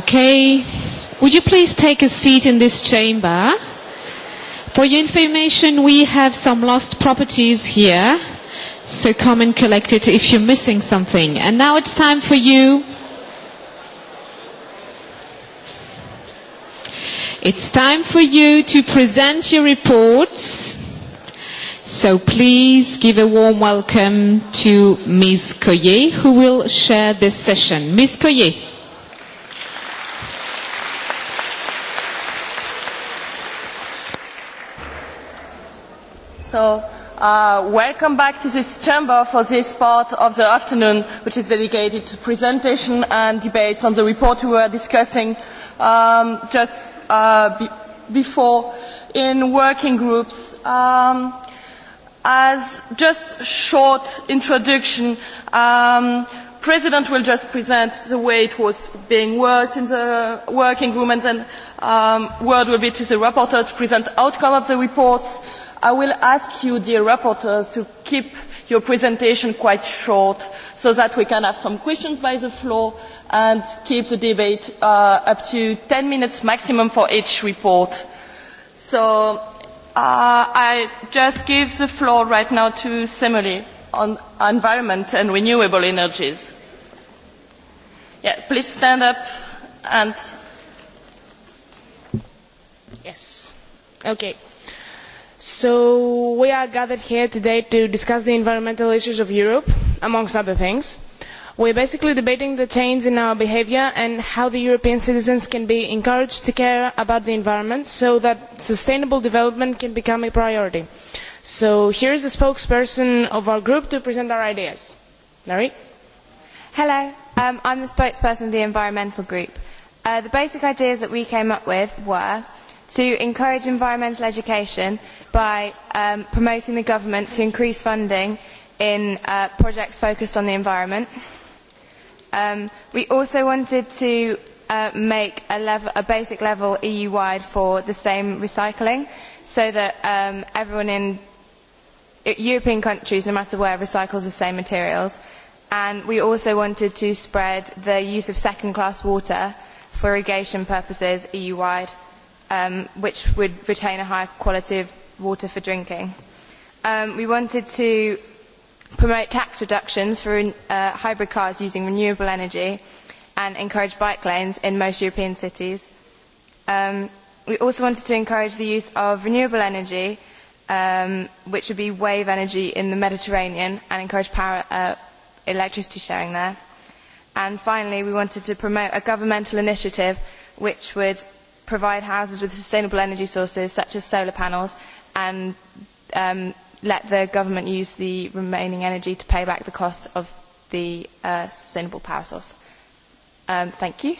Okay. Would you please take a seat in this chamber? For your information, we have some lost properties here, so come and collect it if you're missing something. And now it's time for you. It's time for you to present your reports. So please give a warm welcome to Ms. Coyer, who will share this session. Ms. Coyer. So welcome back to this chamber for this part of the afternoon which is dedicated to presentation and debates on the report we were discussing just before in working groups. As just short introduction, the President will just present the way it was being worked in the working room and then word will be to the rapporteur to present outcome of the reports I will ask you, dear reporters, to keep your presentation quite short so that we can have some questions by the floor and keep the debate up to 10 minutes maximum for each report. So I just give the floor right now to Semele on environment and renewable energies. Please stand up and. Yes. Okay. So we are gathered here today to discuss the environmental issues of Europe, amongst other things. We are basically debating the change in our behaviour and how the European citizens can be encouraged to care about the environment so that sustainable development can become a priority. So here is the spokesperson of our group to present our ideas. Mary? Hello, I'm the spokesperson of the Environmental Group. The basic ideas that we came up with were to encourage environmental education by promoting the government to increase funding in projects focused on the environment. We also wanted to make a basic level EU-wide for the same recycling so that everyone in European countries, no matter where, recycles the same materials. And we also wanted to spread the use of second-class water for irrigation purposes EU-wide which would retain a high quality of water for drinking. We wanted to promote tax reductions for hybrid cars using renewable energy and encourage bike lanes in most European cities. We also wanted to encourage the use of renewable energy, which would be wave energy in the Mediterranean, and encourage electricity sharing there. And finally, we wanted to promote a governmental initiative which would provide houses with sustainable energy sources such as solar panels and let the government use the remaining energy to pay back the cost of the sustainable power source. Thank you.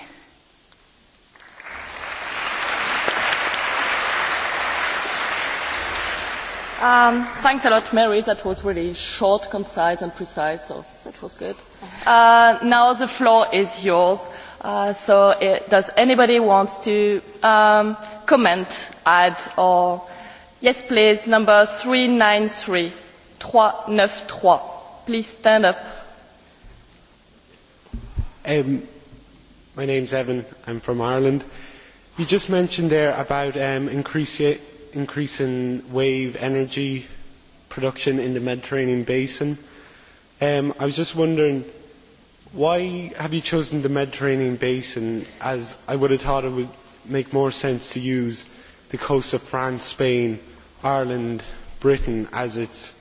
Thanks a lot, Mary. That was really short, concise and precise, so that was good. Now the floor is yours. So does anybody want to um comment, add, or... Yes, please, number 393. 393. Please stand up. My name's Evan. I'm from Ireland. You just mentioned there about increasing wave energy production in the Mediterranean basin. Um I was just wondering Why have you chosen the Mediterranean basin as I would have thought it would make more sense to use the coasts of France, Spain, Ireland, Britain as it's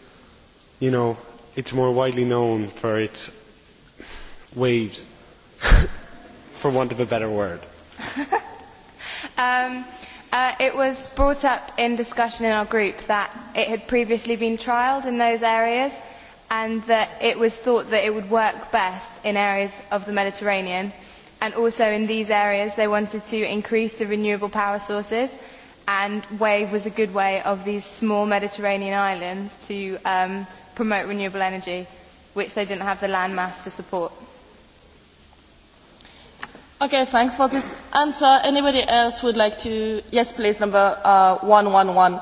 you know it's more widely known for its waves for want of a better word. It was brought up in discussion in our group that it had previously been trialled in those areas and that it was thought that it would work best in areas of the Mediterranean. And also in these areas, they wanted to increase the renewable power sources, and wave was a good way of these small Mediterranean islands to promote renewable energy, which they didn't have the landmass to support. Okay, thanks for this answer. Anybody else would like to? Yes, please, number 111. 111.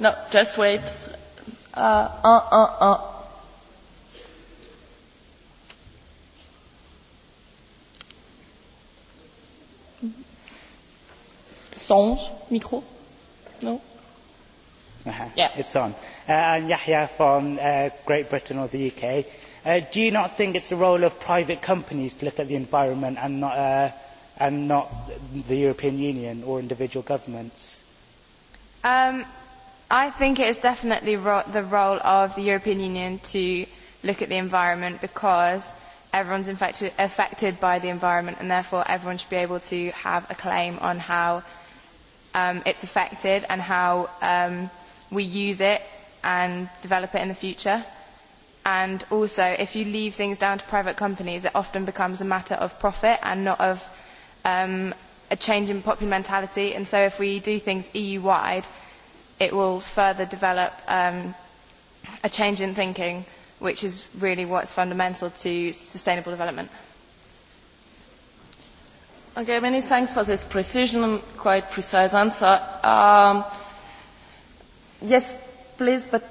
No, just wait. Uh, uh, uh, uh. micro. No. Yeah. It's on. And Yahya from Great Britain or the UK. Do you not think it's the role of private companies to look at the environment and not and not the European Union or individual governments? I think it is definitely the role of the European Union to look at the environment because everyone's affected by the environment and therefore everyone should be able to have a claim on how it's affected and how we use it and develop it in the future. And also, if you leave things down to private companies, it often becomes a matter of profit and not of a change in popular mentality. And so if we do things EU-wide, it will further develop a change in thinking, which is really what's fundamental to sustainable development. Okay, many thanks for this precision and quite precise answer. Yes, please, but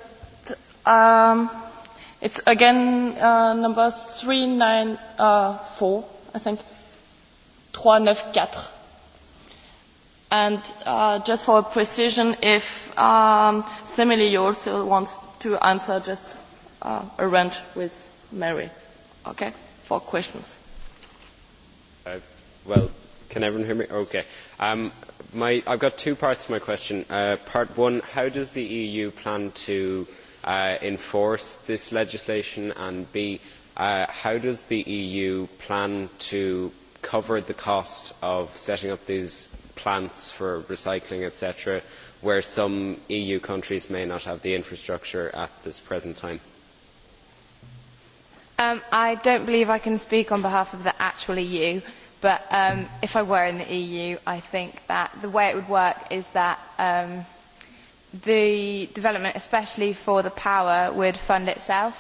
it's again number 394, I think. 394. And just for precision, if Semily also wants to answer, just arrange with Mary, okay, for questions. Well, can everyone hear me? Okay. I've got two parts to my question. Part one, how does the EU plan to enforce this legislation? And B, how does the EU plan to cover the cost of setting up these plants for recycling, etc., where some EU countries may not have the infrastructure at this present time? I don't believe I can speak on behalf of the actual EU, but if I were in the EU, I think that the way it would work is that the development, especially for the power, would fund itself.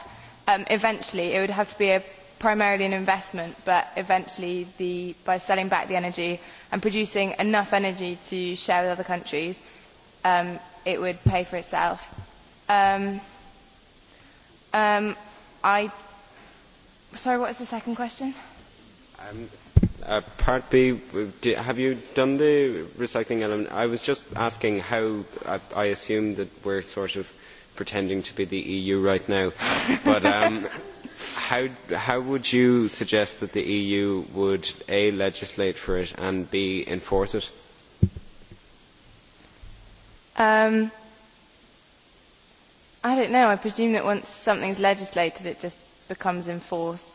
Eventually, it would have to be a primarily an investment, but eventually by selling back the energy and producing enough energy to share with other countries, um, it would pay for itself. Um, um, I, sorry, what was the second question? Um, part B, have you done the recycling element? I was just asking how, I, I assume that we're sort of pretending to be the EU right now, but um, How would you suggest that the EU would A legislate for it and B enforce it? I don't know. I presume that once something's legislated it just becomes enforced.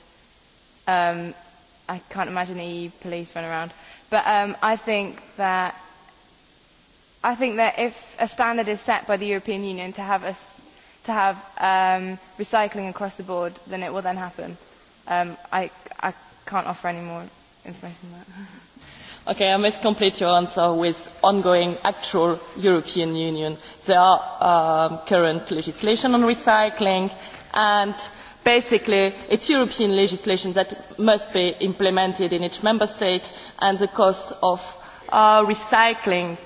I can't imagine the EU police run around. But I think that I think that if a standard is set by the European Union to have a to have recycling across the board, then it will then happen. I can't offer any more information on that. Okay, I must complete your answer with ongoing actual European Union. There are current legislation on recycling, and basically it's European legislation that must be implemented in each member state, and the cost of recycling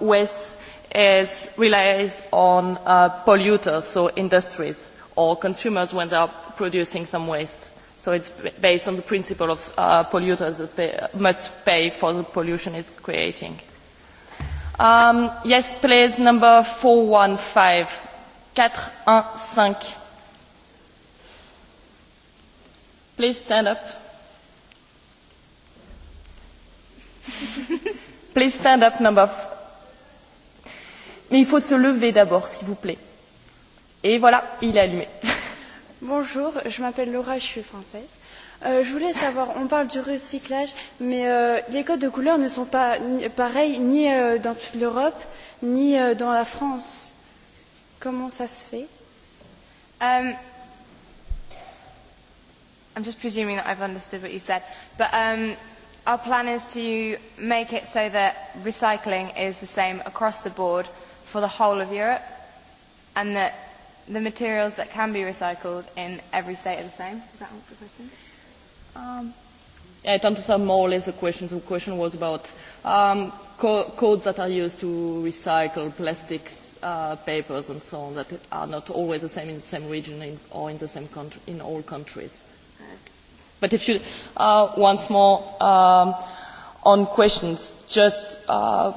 with is relies on polluters, so industries or consumers when they are producing some waste. So it's based on the principle of polluters that must pay for the pollution it's creating. Yes, please, number 415. 415. Please stand up. Please stand up, number Mais il faut se lever d'abord, s'il vous plaît. Et voilà, il est allumé. Bonjour, je m'appelle Laura, je suis française. Je voulais savoir, on parle du recyclage, mais les codes de couleur ne sont pas pareils ni dans toute l'Europe, ni dans la France. Comment ça se fait um, I'm just presuming that I've understood what you said. But um, our plan is to make it so that recycling is the same across the board for the whole of Europe and that the materials that can be recycled in every state are the same? Does that answer the question? Um, it answers more or less the question. The question was about um, co codes that are used to recycle plastics, uh, papers and so on that are not always the same in the same region in, or in the same country, in all countries. But if you, uh, once more, um, on questions, just uh,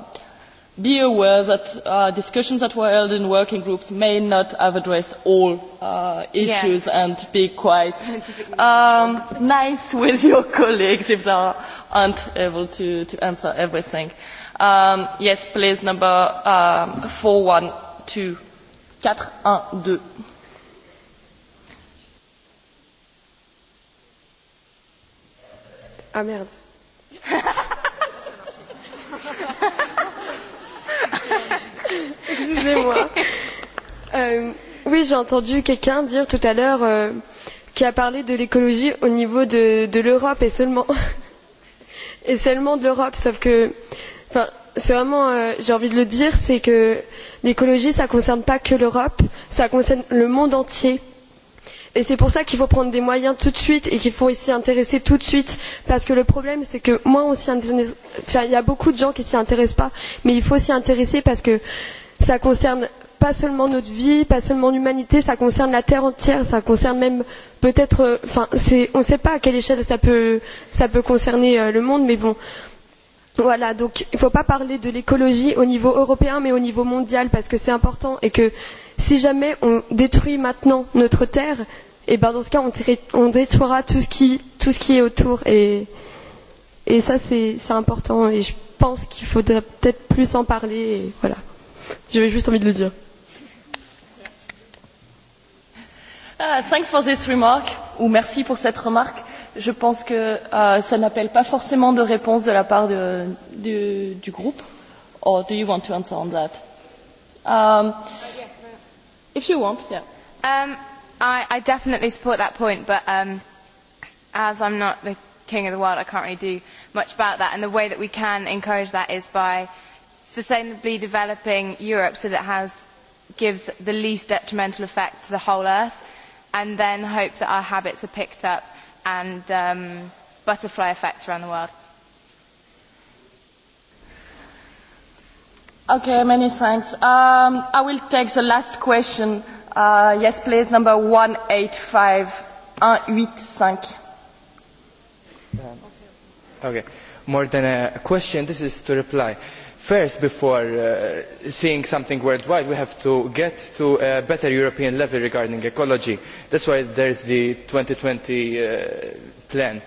be aware that discussions that were held in working groups may not have addressed all issues and be quite nice with your colleagues if they aren't able to answer everything. Yes, please, number 412. Ah merde excusez-moi. Oui, j'ai entendu quelqu'un dire tout à l'heure qui a parlé de l'écologie au niveau de l'Europe et seulement. Et seulement de l'Europe, sauf que. Enfin, c'est vraiment. J'ai envie de le dire, c'est que l'écologie, ça ne concerne pas que l'Europe, ça concerne le monde entier. Et c'est pour ça qu'il faut prendre des moyens tout de suite et qu'il faut s'y intéresser tout de suite. Parce que le problème, c'est que moi on s'y intéresse. Enfin, il y a beaucoup de gens qui ne s'y intéressent pas, mais il faut s'y intéresser parce que ça concerne pas seulement notre vie, pas seulement l'humanité, ça concerne la Terre entière, ça concerne même peut-être, enfin, on ne sait pas à quelle échelle ça peut, ça peut concerner le monde, mais bon. Voilà, donc il ne faut pas parler de l'écologie au niveau européen, mais au niveau mondial, parce que c'est important et que si jamais on détruit maintenant notre Terre, et ben dans ce cas, on détruira tout ce qui, est autour. Et, et ça, c'est important. Et je pense qu'il faudrait peut-être plus en parler. Et voilà. J'avais juste envie de le dire. Thanks for this remark, ou merci pour cette remarque. Je pense que ça n'appelle pas forcément de réponse de la part de, du groupe. Or do you want to answer on that? Um, If you want, yeah. Um, I I definitely support that point, but um, as I'm not the king of the world, I can't really do much about that. And the way that we can encourage that is by sustainably developing Europe so that has gives the least detrimental effect to the whole earth and then hope that our habits are picked up and butterfly effect around the world. Okay, many thanks. Um, I will take the last question. yes, please, number 185. 185. Okay. More than a question, this is to reply first before seeing something worldwide we have to get to a better european level regarding ecology. that is why there is the two twenty plan.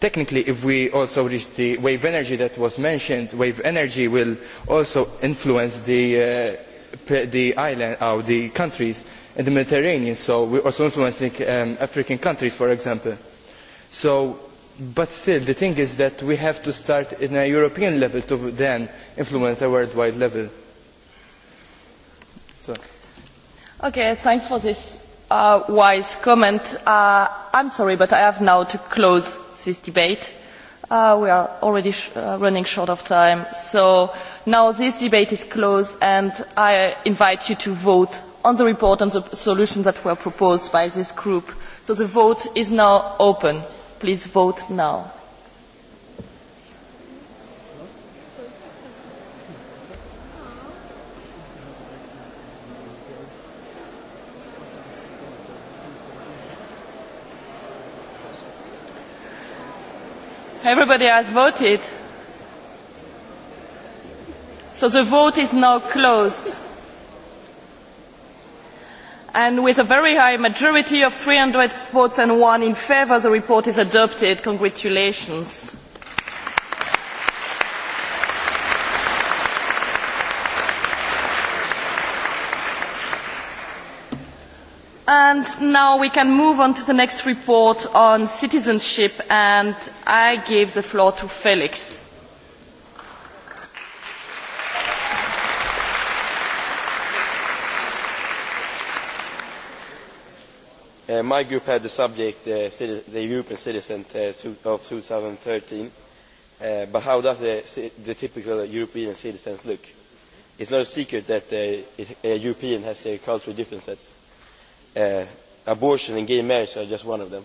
technically if we also reach the wave energy that was mentioned wave energy will also influence the islands the countries in the mediterranean so we are also influencing african countries for example. so but still the thing is that we have to start at a european level to then influence a worldwide level. okay thanks for this wise comment. i'm sorry but i have now to close this debate. we are already running short of time so now this debate is closed and i invite you to vote on the report and the solutions that were proposed by this group. so the vote is now open. Please vote now. Everybody has voted. So the vote is now closed and with a very high majority of 300 votes and one in favour, the report is adopted. Congratulations. And now we can move on to the next report on citizenship, and I give the floor to Felix. My group had the subject, the European citizen of 2013, but how does the typical European citizens look? It's no secret that a European has their cultural differences. Abortion and gay marriage are just one of them.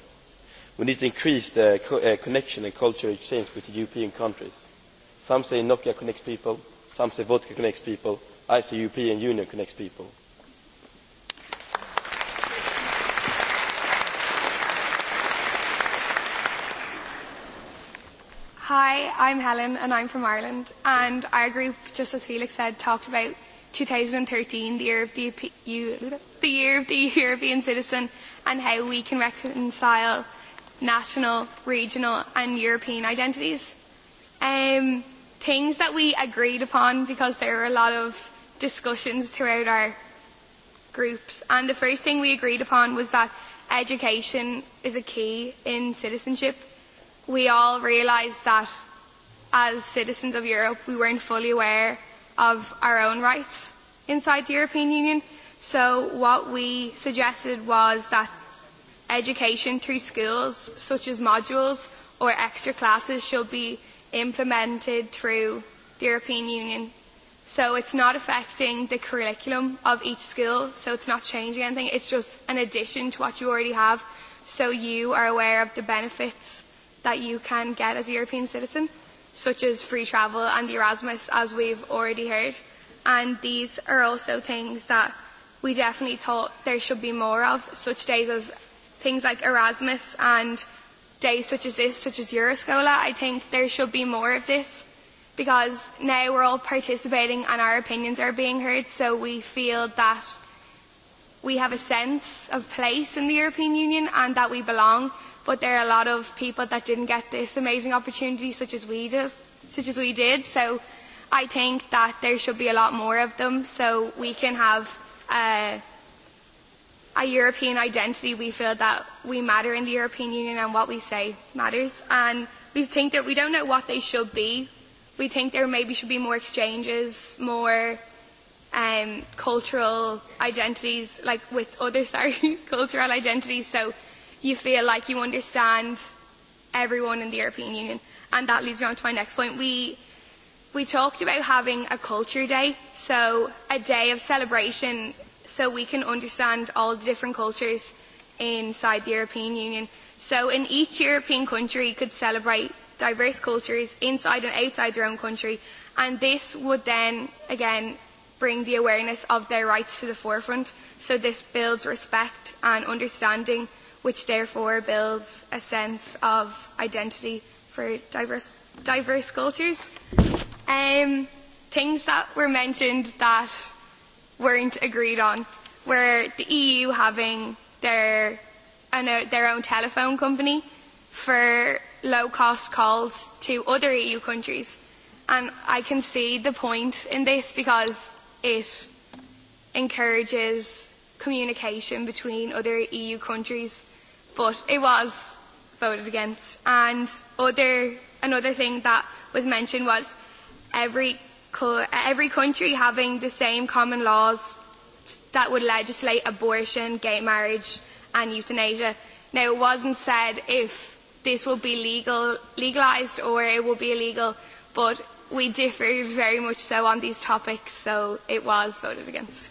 We need to increase the connection and cultural exchange with the European countries. Some say Nokia connects people, some say vodka connects people, I say European Union connects people Hi, I'm Helen and I'm from Ireland and our group, just as Felix said, talked about 2013, the year of the, the, year of the European citizen and how we can reconcile national, regional and European identities. Um, things that we agreed upon because there were a lot of discussions throughout our groups and the first thing we agreed upon was that education is a key in citizenship we all realised that as citizens of Europe we weren't fully aware of our own rights inside the European Union. So what we suggested was that education through schools, such as modules or extra classes, should be implemented through the European Union. So it's not affecting the curriculum of each school, so it's not changing anything. It's just an addition to what you already have, so you are aware of the benefits that you can get as a European citizen, such as free travel and the Erasmus, as we've already heard. And these are also things that we definitely thought there should be more of, such days as things like Erasmus and days such as this, such as Euroscola. I think there should be more of this because now we're all participating and our opinions are being heard, so we feel that we have a sense of place in the European Union and that we belong but there are a lot of people that didn't get this amazing opportunity such as we did such as we did so i think that there should be a lot more of them so we can have a european identity we feel that we matter in the european union and what we say matters and we think that we don't know what they should be we think there maybe should be more exchanges more um cultural identities like with other sorry cultural identities so you feel like you understand everyone in the European Union. And that leads me on to my next point. We, we talked about having a culture day, so a day of celebration so we can understand all the different cultures inside the European Union. So in each European country could celebrate diverse cultures inside and outside their own country. And this would then, again, bring the awareness of their rights to the forefront. So this builds respect and understanding which therefore builds a sense of identity for diverse diverse cultures. Things that were mentioned that weren't agreed on were the EU having their their own telephone company for low cost calls to other EU countries. And I can see the point in this because it encourages communication between other EU countries but it was voted against. And other, another thing that was mentioned was every, every country having the same common laws that would legislate abortion, gay marriage and euthanasia. Now, it wasn't said if this will be legal, legalised or it will be illegal, but we differed very much so on these topics, so it was voted against.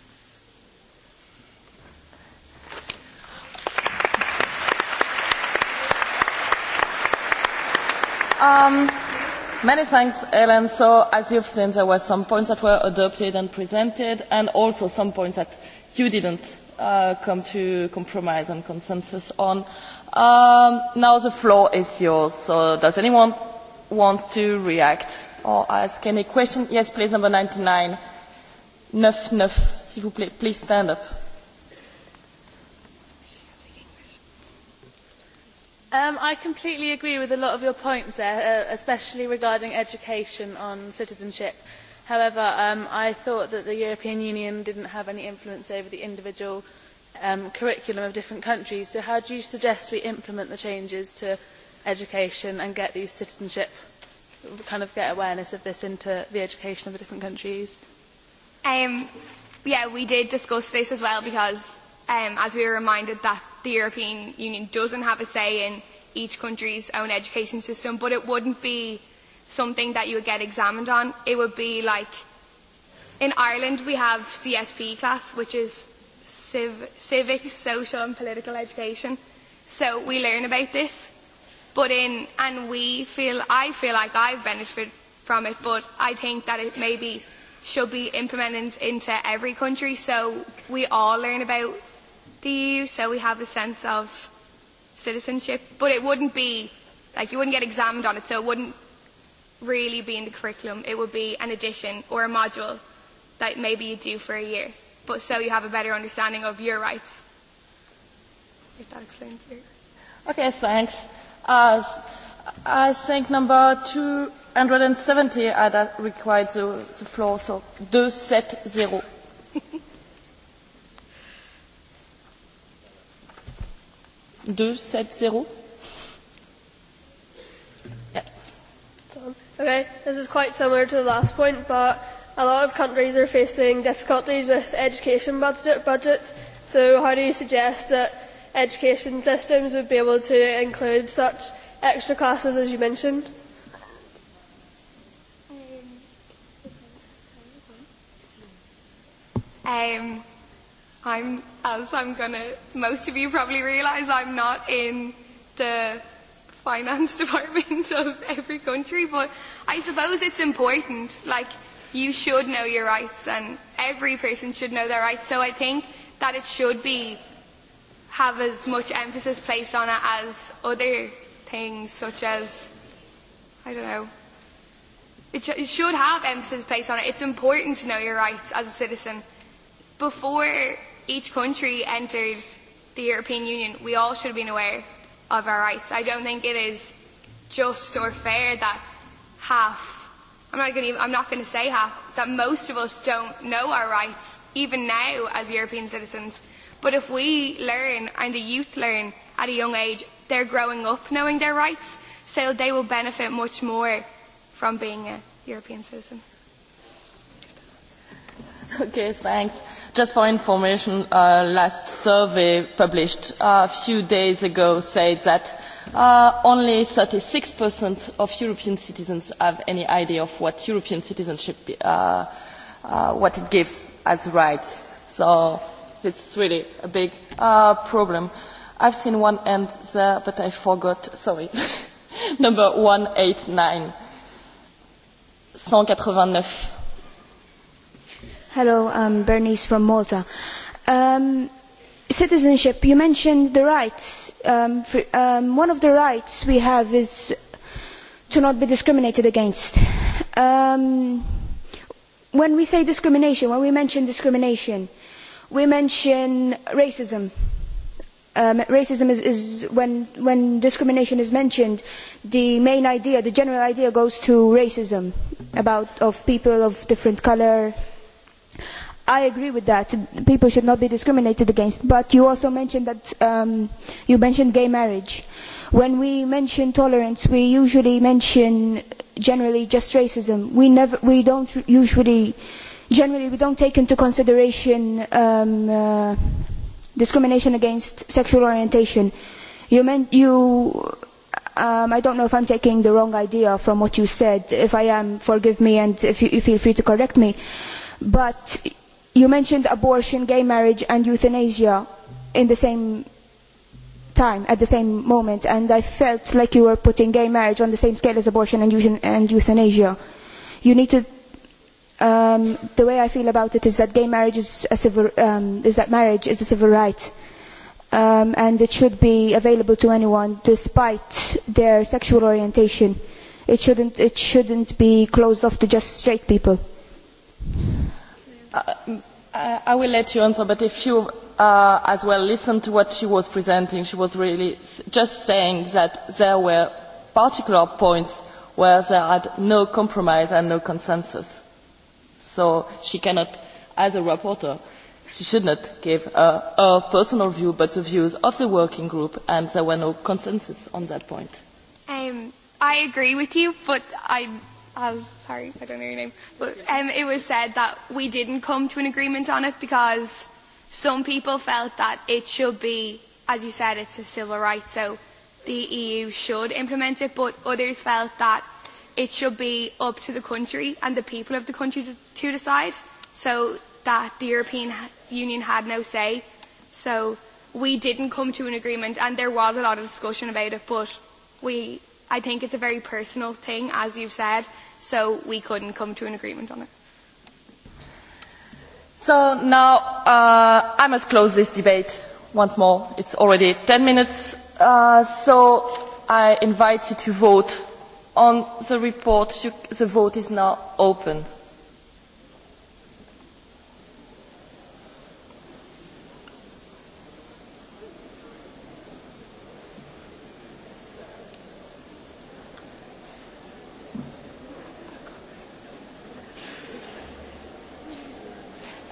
Many thanks, Ellen. So, as you've seen, there were some points that were adopted and presented, and also some points that you didn't come to compromise and consensus on. Now the floor is yours. So, does anyone want to react or ask any question? Yes, please, number 99. nine s'il vous plaît. Please stand up. I completely agree with a lot of your points there, especially regarding education on citizenship. However, I thought that the European Union didn't have any influence over the individual curriculum of different countries. So how do you suggest we implement the changes to education and get these citizenship, kind of get awareness of this into the education of the different countries? Yeah, we did discuss this as well because, as we were reminded that the European Union doesn't have a say in each country's own education system, but it wouldn't be something that you would get examined on. It would be like in Ireland we have CSP class, which is civic, social and political education. So we learn about this, but in and we feel I feel like I've benefited from it, but I think that it maybe should be implemented into every country so we all learn about the EU, so we have a sense of citizenship. But it wouldn't be, like, you wouldn't get examined on it, so it wouldn't really be in the curriculum. It would be an addition or a module that maybe you do for a year, but so you have a better understanding of your rights. If that explains it. Okay, thanks. As I think number 270 I that required the, the floor, so 270. 270. Okay, this is quite similar to the last point, but a lot of countries are facing difficulties with education budgets. So, how do you suggest that education systems would be able to include such extra classes as you mentioned? I'm, as I'm gonna, most of you probably realise, I'm not in the finance department of every country, but I suppose it's important. Like, you should know your rights, and every person should know their rights. So I think that it should be have as much emphasis placed on it as other things, such as, I don't know. It, it should have emphasis placed on it. It's important to know your rights as a citizen. Before each country entered the European Union, we all should have been aware of our rights. I don't think it is just or fair that half, I'm not going to, I'm not going to say half, that most of us don't know our rights, even now as European citizens. But if we learn and the youth learn at a young age, they're growing up knowing their rights, so they will benefit much more from being a European citizen. Okay, thanks. Just for information, last survey published a few days ago said that only 36% of European citizens have any idea of what European citizenship, what it gives as rights. So it's really a big problem. I've seen one end there, but I forgot. Sorry. Number 189. 189. Hello, Bernice from Malta. Citizenship, you mentioned the rights. One of the rights we have is to not be discriminated against. When we say discrimination, when we mention discrimination, we mention racism. Racism is when discrimination is mentioned, the main idea, the general idea goes to racism about of people of different colour I agree with that. People should not be discriminated against. But you also mentioned that you mentioned gay marriage. When we mention tolerance, we usually mention generally just racism. We never, we don't usually, generally we don't take into consideration discrimination against sexual orientation. You meant you. I don't know if I'm taking the wrong idea from what you said. If I am, forgive me and if you feel free to correct me But you mentioned abortion, gay marriage and euthanasia in the same time, at the same moment, and I felt like you were putting gay marriage on the same scale as abortion and euthanasia. You need to the way I feel about it is that gay marriage is a civil is that marriage is a civil right and it should be available to anyone despite their sexual orientation. It shouldn't it shouldn't be closed off to just straight people. I will let you answer, but if you as well listen to what she was presenting, she was really just saying that there were particular points where there had no compromise and no consensus. So she cannot, as a rapporteur, she should not give a personal view, but the views of the working group, and there were no consensus on that point. I agree with you, but I as sorry, I don't know your name, but um, it was said that we didn't come to an agreement on it because some people felt that it should be, as you said, it's a civil right, so the EU should implement it, but others felt that it should be up to the country and the people of the country to, to decide, so that the European Union had no say. So we didn't come to an agreement, and there was a lot of discussion about it, but we I think it's a very personal thing, as you've said, so we couldn't come to an agreement on it. So now I must close this debate once more. It's already 10 minutes, so I invite you to vote on the report. The vote is now open.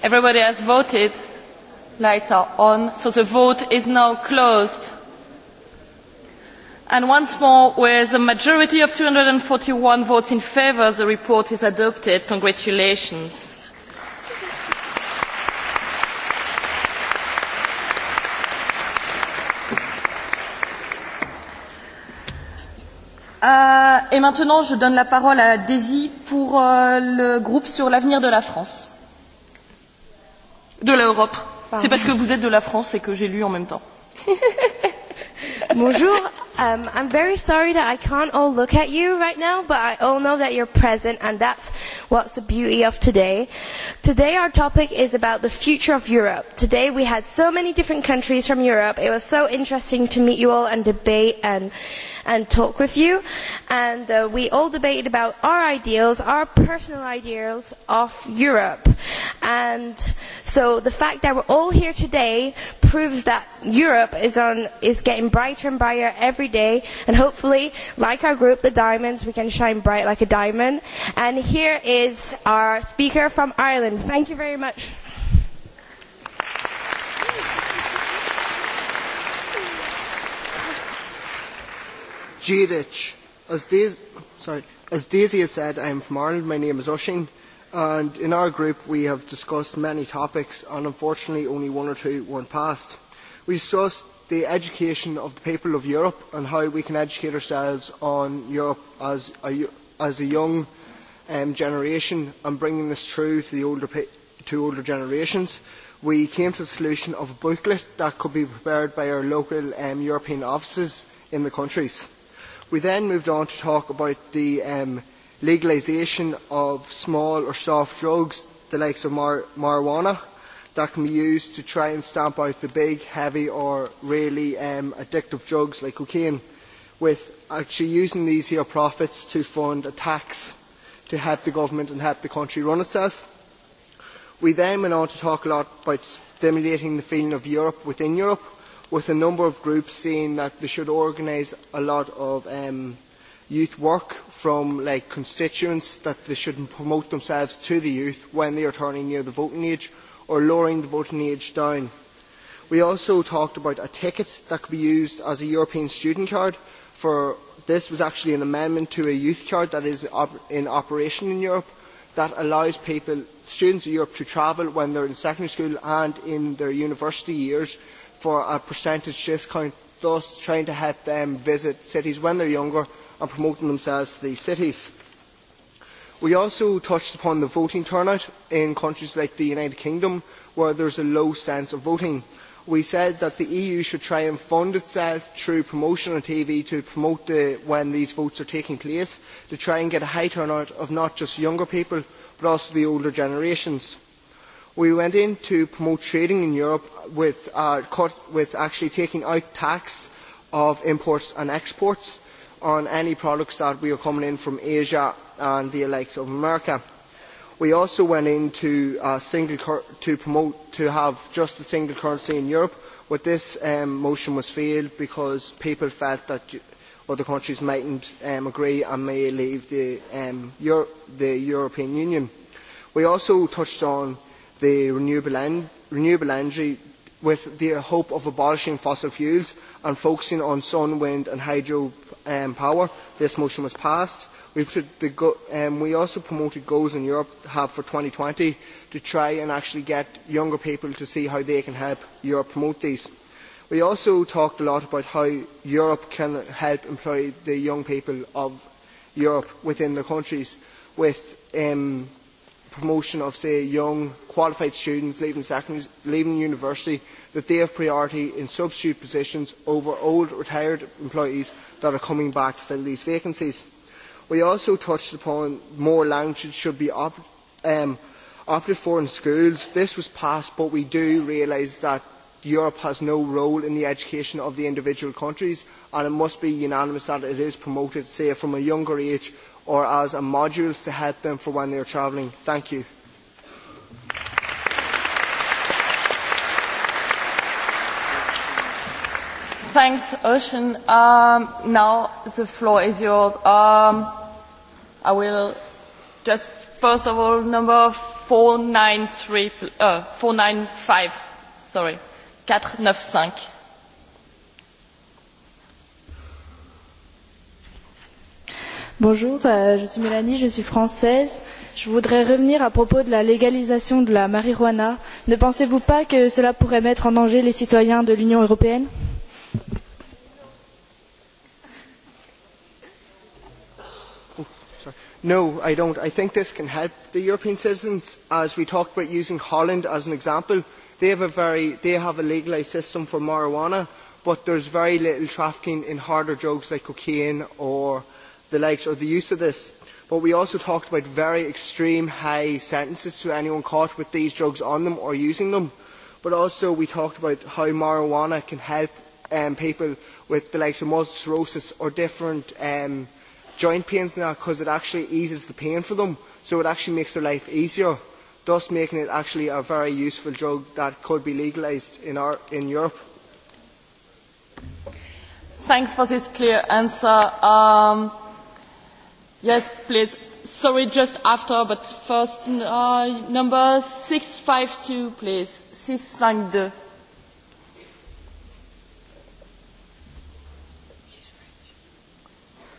Everybody has voted. Lights are on. So the vote is now closed. And once more, with a majority of 241 votes in favour, the report is adopted. Congratulations. Et maintenant, je donne la parole à Daisy pour le groupe sur l'avenir de la France de l'Europe. C'est parce que vous êtes de la France et que j'ai lu en même temps. Bonjour I'm very sorry that I can't all look at you right now, but I all know that you're present, and that's what's the beauty of today. Today, our topic is about the future of Europe. Today, we had so many different countries from Europe. It was so interesting to meet you all and debate and, and talk with you. And we all debated about our ideals, our personal ideals of Europe. And so the fact that we're all here today proves that Europe is, on, is getting brighter and brighter every day and hopefully like our group the diamonds we can shine bright like a diamond and here is our speaker from ireland thank you very much As Daisy has said, I am from Ireland. My name is Ushing. And in our group, we have discussed many topics, and unfortunately, only one or two weren't passed. We discussed the education of the people of Europe and how we can educate ourselves on Europe as a young generation and bringing this through to older generations. We came to the solution of a booklet that could be prepared by our local European offices in the countries. We then moved on to talk about the legalisation of small or soft drugs, the likes of marijuana that can be used to try and stamp out the big, heavy or really addictive drugs like cocaine, with actually using these here profits to fund a tax to help the government and help the country run itself. We then went on to talk a lot about stimulating the feeling of Europe within Europe, with a number of groups saying that they should organise a lot of youth work from constituents, that they should promote themselves to the youth when they are turning near the voting age, or lowering the voting age down. We also talked about a ticket that could be used as a European student card. For this was actually an amendment to a youth card that is in operation in Europe that allows people, students of Europe to travel when they are in secondary school and in their university years for a percentage discount, thus trying to help them visit cities when they are younger and promoting themselves to these cities. We also touched upon the voting turnout in countries like the United Kingdom, where there is a low sense of voting. We said that the EU should try and fund itself through promotion on TV to promote when these votes are taking place, to try and get a high turnout of not just younger people, but also the older generations. We went in to promote trading in Europe with actually taking out tax of imports and exports on any products that we are coming in from Asia and the likes of America. We also went in to promote to have just a single currency in Europe, but this motion was failed because people felt that other countries mightn't agree and may leave the European Union. We also touched on the renewable energy with the hope of abolishing fossil fuels and focusing on sun, wind and hydro power. This motion was passed. We also promoted goals in Europe have for 2020 to try and actually get younger people to see how they can help Europe promote these. We also talked a lot about how Europe can help employ the young people of Europe within the countries with promotion of, say, young qualified students leaving university, that they have priority in substitute positions over old retired employees that are coming back to fill these vacancies. We also touched upon more languages should be opted for in schools. This was passed, but we do realise that Europe has no role in the education of the individual countries, and it must be unanimous that it is promoted, say, from a younger age or as a modules to help them for when they are travelling. Thank you. Thanks, Ocean. Now the floor is yours. I will just first of all number 493, 495, sorry, 495. Bonjour, je suis Mélanie, je suis française. Je voudrais revenir à propos de la légalisation de la marijuana. Ne pensez-vous pas que cela pourrait mettre en danger les citoyens de l'Union européenne No, I don't. I think this can help the European citizens. As we talked about using Holland as an example, they have a very, they have a legalised system for marijuana, but there's very little trafficking in harder drugs like cocaine or the likes or the use of this. But we also talked about very extreme high sentences to anyone caught with these drugs on them or using them. But also we talked about how marijuana can help people with the likes of multiple sclerosis or different joint pains now because it actually eases the pain for them. So it actually makes their life easier, thus making it actually a very useful drug that could be legalised in Europe. Thanks for this clear answer. Yes, please. Sorry, just after, but first number 652, please. 652.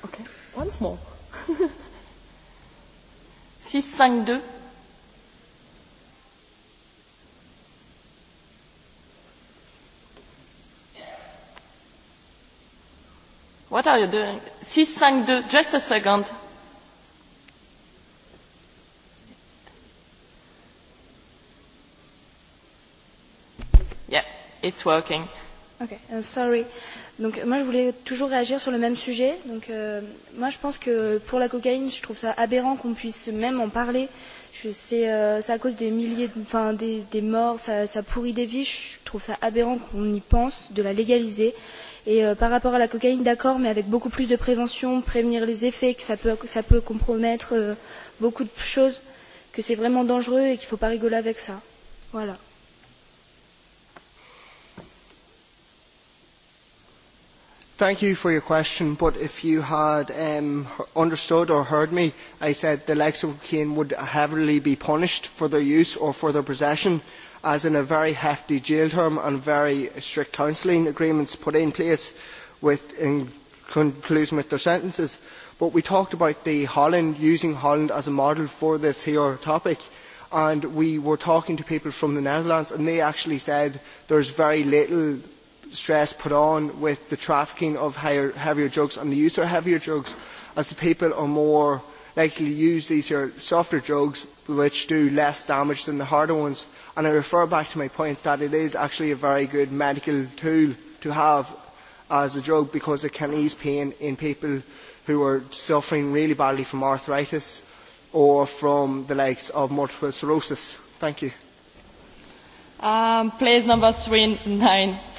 Okay, once more. 652. What are you doing? 652, just a second. it's working. sorry. Donc moi je voulais toujours réagir sur le même sujet. Donc moi je pense que pour la cocaïne, je trouve ça aberrant qu'on puisse même en parler. C'est à cause des milliers, enfin des, morts, ça, ça pourrit des vies. Je trouve ça aberrant qu'on y pense, de la légaliser. Et par rapport à la cocaïne, d'accord, mais avec beaucoup plus de prévention, prévenir les effets, que ça peut, ça peut compromettre beaucoup de choses, que c'est vraiment dangereux et qu'il ne faut pas rigoler avec ça. Voilà. Thank you for your question, but if you had understood or heard me, I said the likes of cocaine would heavily be punished for their use or for their possession, as in a very hefty jail term and very strict counselling agreements put in place in conclusion with their sentences. But we talked about the Holland, using Holland as a model for this here topic, and we were talking to people from the Netherlands, and they actually said there is very little stress put on with the trafficking of heavier drugs and the use of heavier drugs as the people are more likely to use these softer drugs which do less damage than the harder ones. And I refer back to my point that it is actually a very good medical tool to have as a drug because it can ease pain in people who are suffering really badly from arthritis or from the likes of multiple cirrhosis. Thank you. Please number three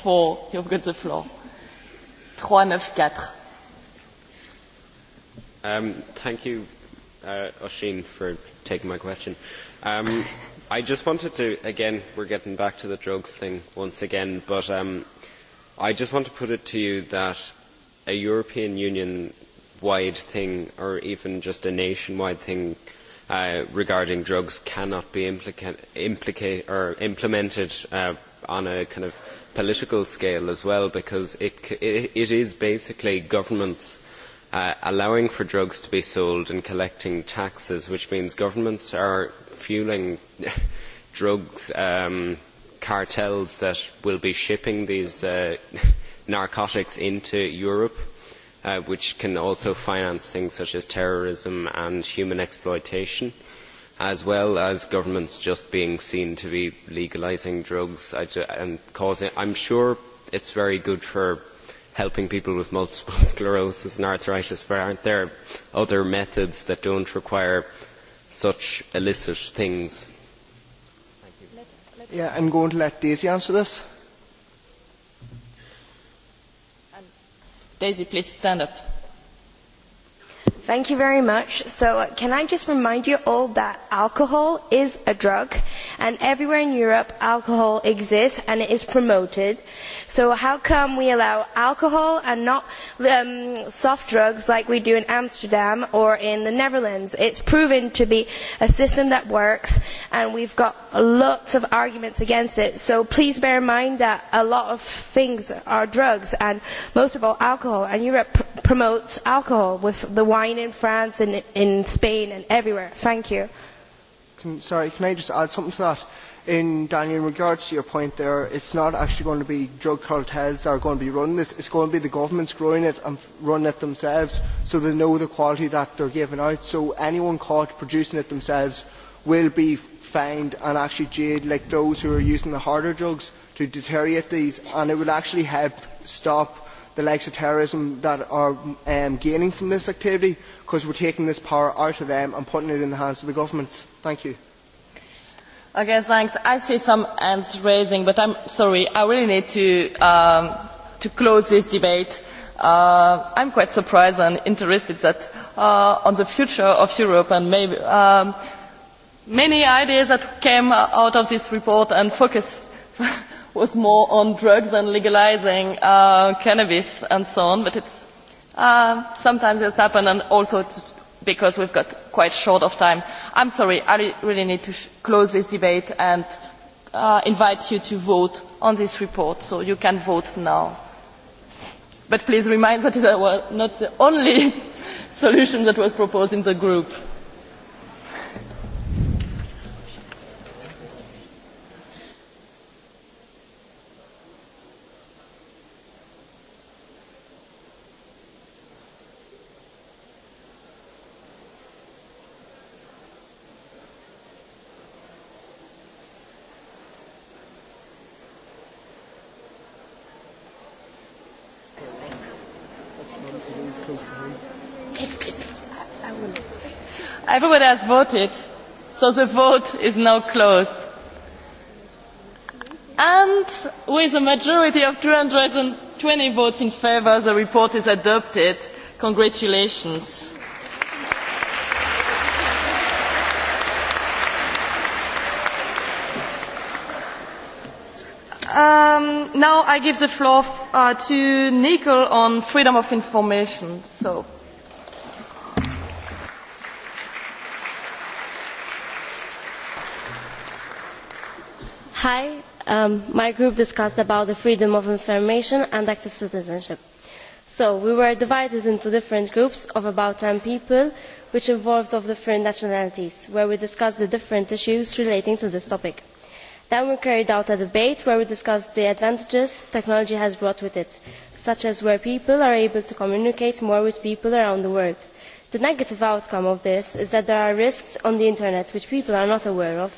for you've got the floor. thank you, for taking my question. I just wanted to, again, we're getting back to the drugs thing once again, but um, I just want to put it to you that a European Union wide thing, or even just a nationwide thing regarding drugs, cannot be implemented on a kind of political scale as well because it is basically governments allowing for drugs to be sold and collecting taxes which means governments are fuelling drugs cartels that will be shipping these narcotics into Europe which can also finance things such as terrorism and human exploitation as well as governments just being seen to be legalising drugs and causing. I'm sure it's very good for helping people with multiple sclerosis and arthritis, but aren't there other methods that don't require such illicit things? Yeah, I'm going to let Daisy answer this. Daisy, please stand up. Thank you very much. So can I just remind you all that alcohol is a drug and everywhere in Europe alcohol exists and it is promoted. So how come we allow alcohol and not soft drugs like we do in Amsterdam or in the Netherlands? It's proven to be a system that works and we've got lots of arguments against it. So please bear in mind that a lot of things are drugs and most of all alcohol and Europe promotes alcohol with the wine in France and in Spain and everywhere. Thank you. Sorry, can I just add something to that? In Daniel, in regards to your point there, it's not actually going to be drug cartels that are going to be running this. It's going to be the governments growing it and running it themselves, so they know the quality that they're giving out. So anyone caught producing it themselves will be fined and actually jailed, like those who are using the harder drugs to deteriorate these. And it will actually help stop the likes of terrorism that are gaining from this activity because we are taking this power out of them and putting it in the hands of the governments. Thank you. Okay, thanks. I see some hands raising, but I'm sorry, I really need to close this debate. I'm quite surprised and interested that on the future of Europe and maybe many ideas that came out of this report and focus was more on drugs and legalizing cannabis and so on, but it's sometimes it happens and also it's because we've got quite short of time. I'm sorry, I really need to close this debate and invite you to vote on this report, so you can vote now. But please remind that it was not the only solution that was proposed in the group. Everybody has voted, so the vote is now closed. And with a majority of 220 votes in favour, the report is adopted. Congratulations. Now I give the floor to Nicole on freedom of information. So. Hi, my group discussed about the freedom of information and active citizenship. So we were divided into different groups of about 10 people, which involved of different nationalities, where we discussed the different issues relating to this topic. Then we carried out a debate where we discussed the advantages technology has brought with it, such as where people are able to communicate more with people around the world. The negative outcome of this is that there are risks on the internet which people are not aware of.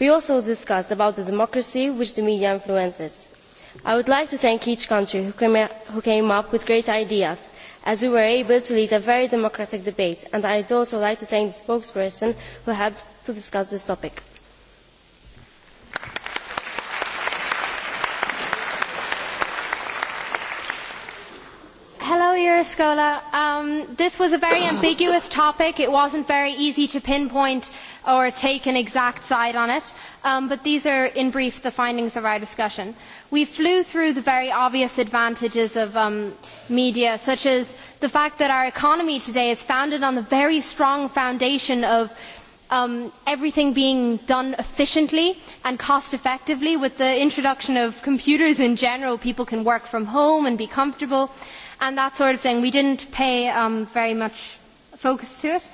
We also discussed about the democracy which the media influences. I would like to thank each country who came up with great ideas, as we were able to lead a very democratic debate, and I would also like to thank the spokesperson who helped to discuss this topic. um, This was a very ambiguous topic. It wasn't very easy to pinpoint or take an exact side on it, but these are, in brief, the findings of our discussion. We flew through the very obvious advantages of media, such as the fact that our economy today is founded on the very strong foundation of everything being done efficiently and cost effectively. With the introduction of computers in general, people can work from home and be comfortable and that sort of thing. We didn't pay very much focus to it.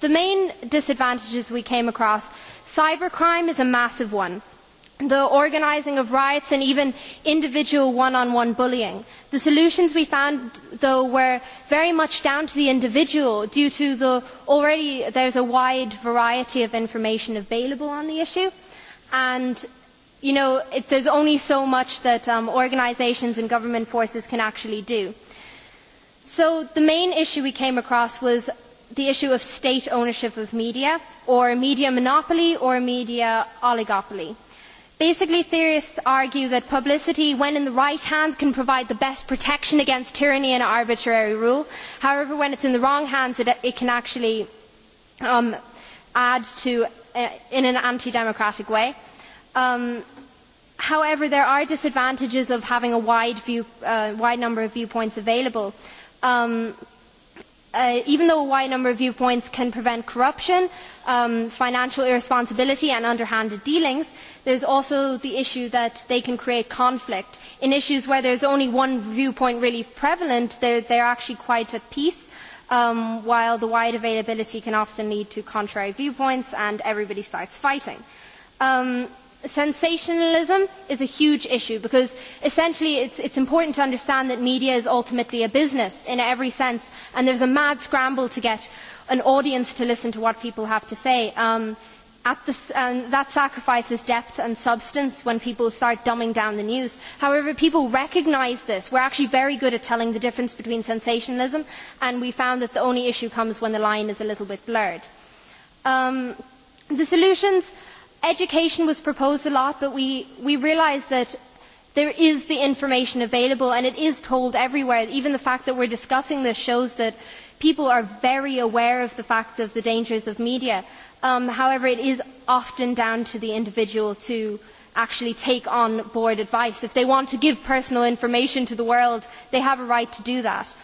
The main disadvantages we came across cybercrime is a massive one. The organising of riots and even individual one on one bullying. The solutions we found though were very much down to the individual due to the already there is a wide variety of information available on the issue and you know there's only so much that organisations and government forces can actually do. so the main issue we came across was the issue of state ownership of media or media monopoly or media oligopoly. basically theorists argue that publicity when in the right hands can provide the best protection against tyranny and arbitrary rule however when it's in the wrong hands it can actually add to in an anti democratic way. However, there are disadvantages of having a wide number of viewpoints available. Even though a wide number of viewpoints can prevent corruption, financial irresponsibility and underhanded dealings, there is also the issue that they can create conflict. In issues where there is only one viewpoint really prevalent, they are actually quite at peace, while the wide availability can often lead to contrary viewpoints and everybody starts fighting sensationalism is a huge issue because essentially it is important to understand that media is ultimately a business in every sense and there is a mad scramble to get an audience to listen to what people have to say. that sacrifices depth and substance when people start dumbing down the news. however people recognise this. we are actually very good at telling the difference between sensationalism and we found that the only issue comes when the line is a little bit blurred. the solutions education was proposed a lot but we realise that there is the information available and it is told everywhere. even the fact that we are discussing this shows that people are very aware of the fact of the dangers of media. however it is often down to the individual to actually take on board advice. if they want to give personal information to the world they have a right to do that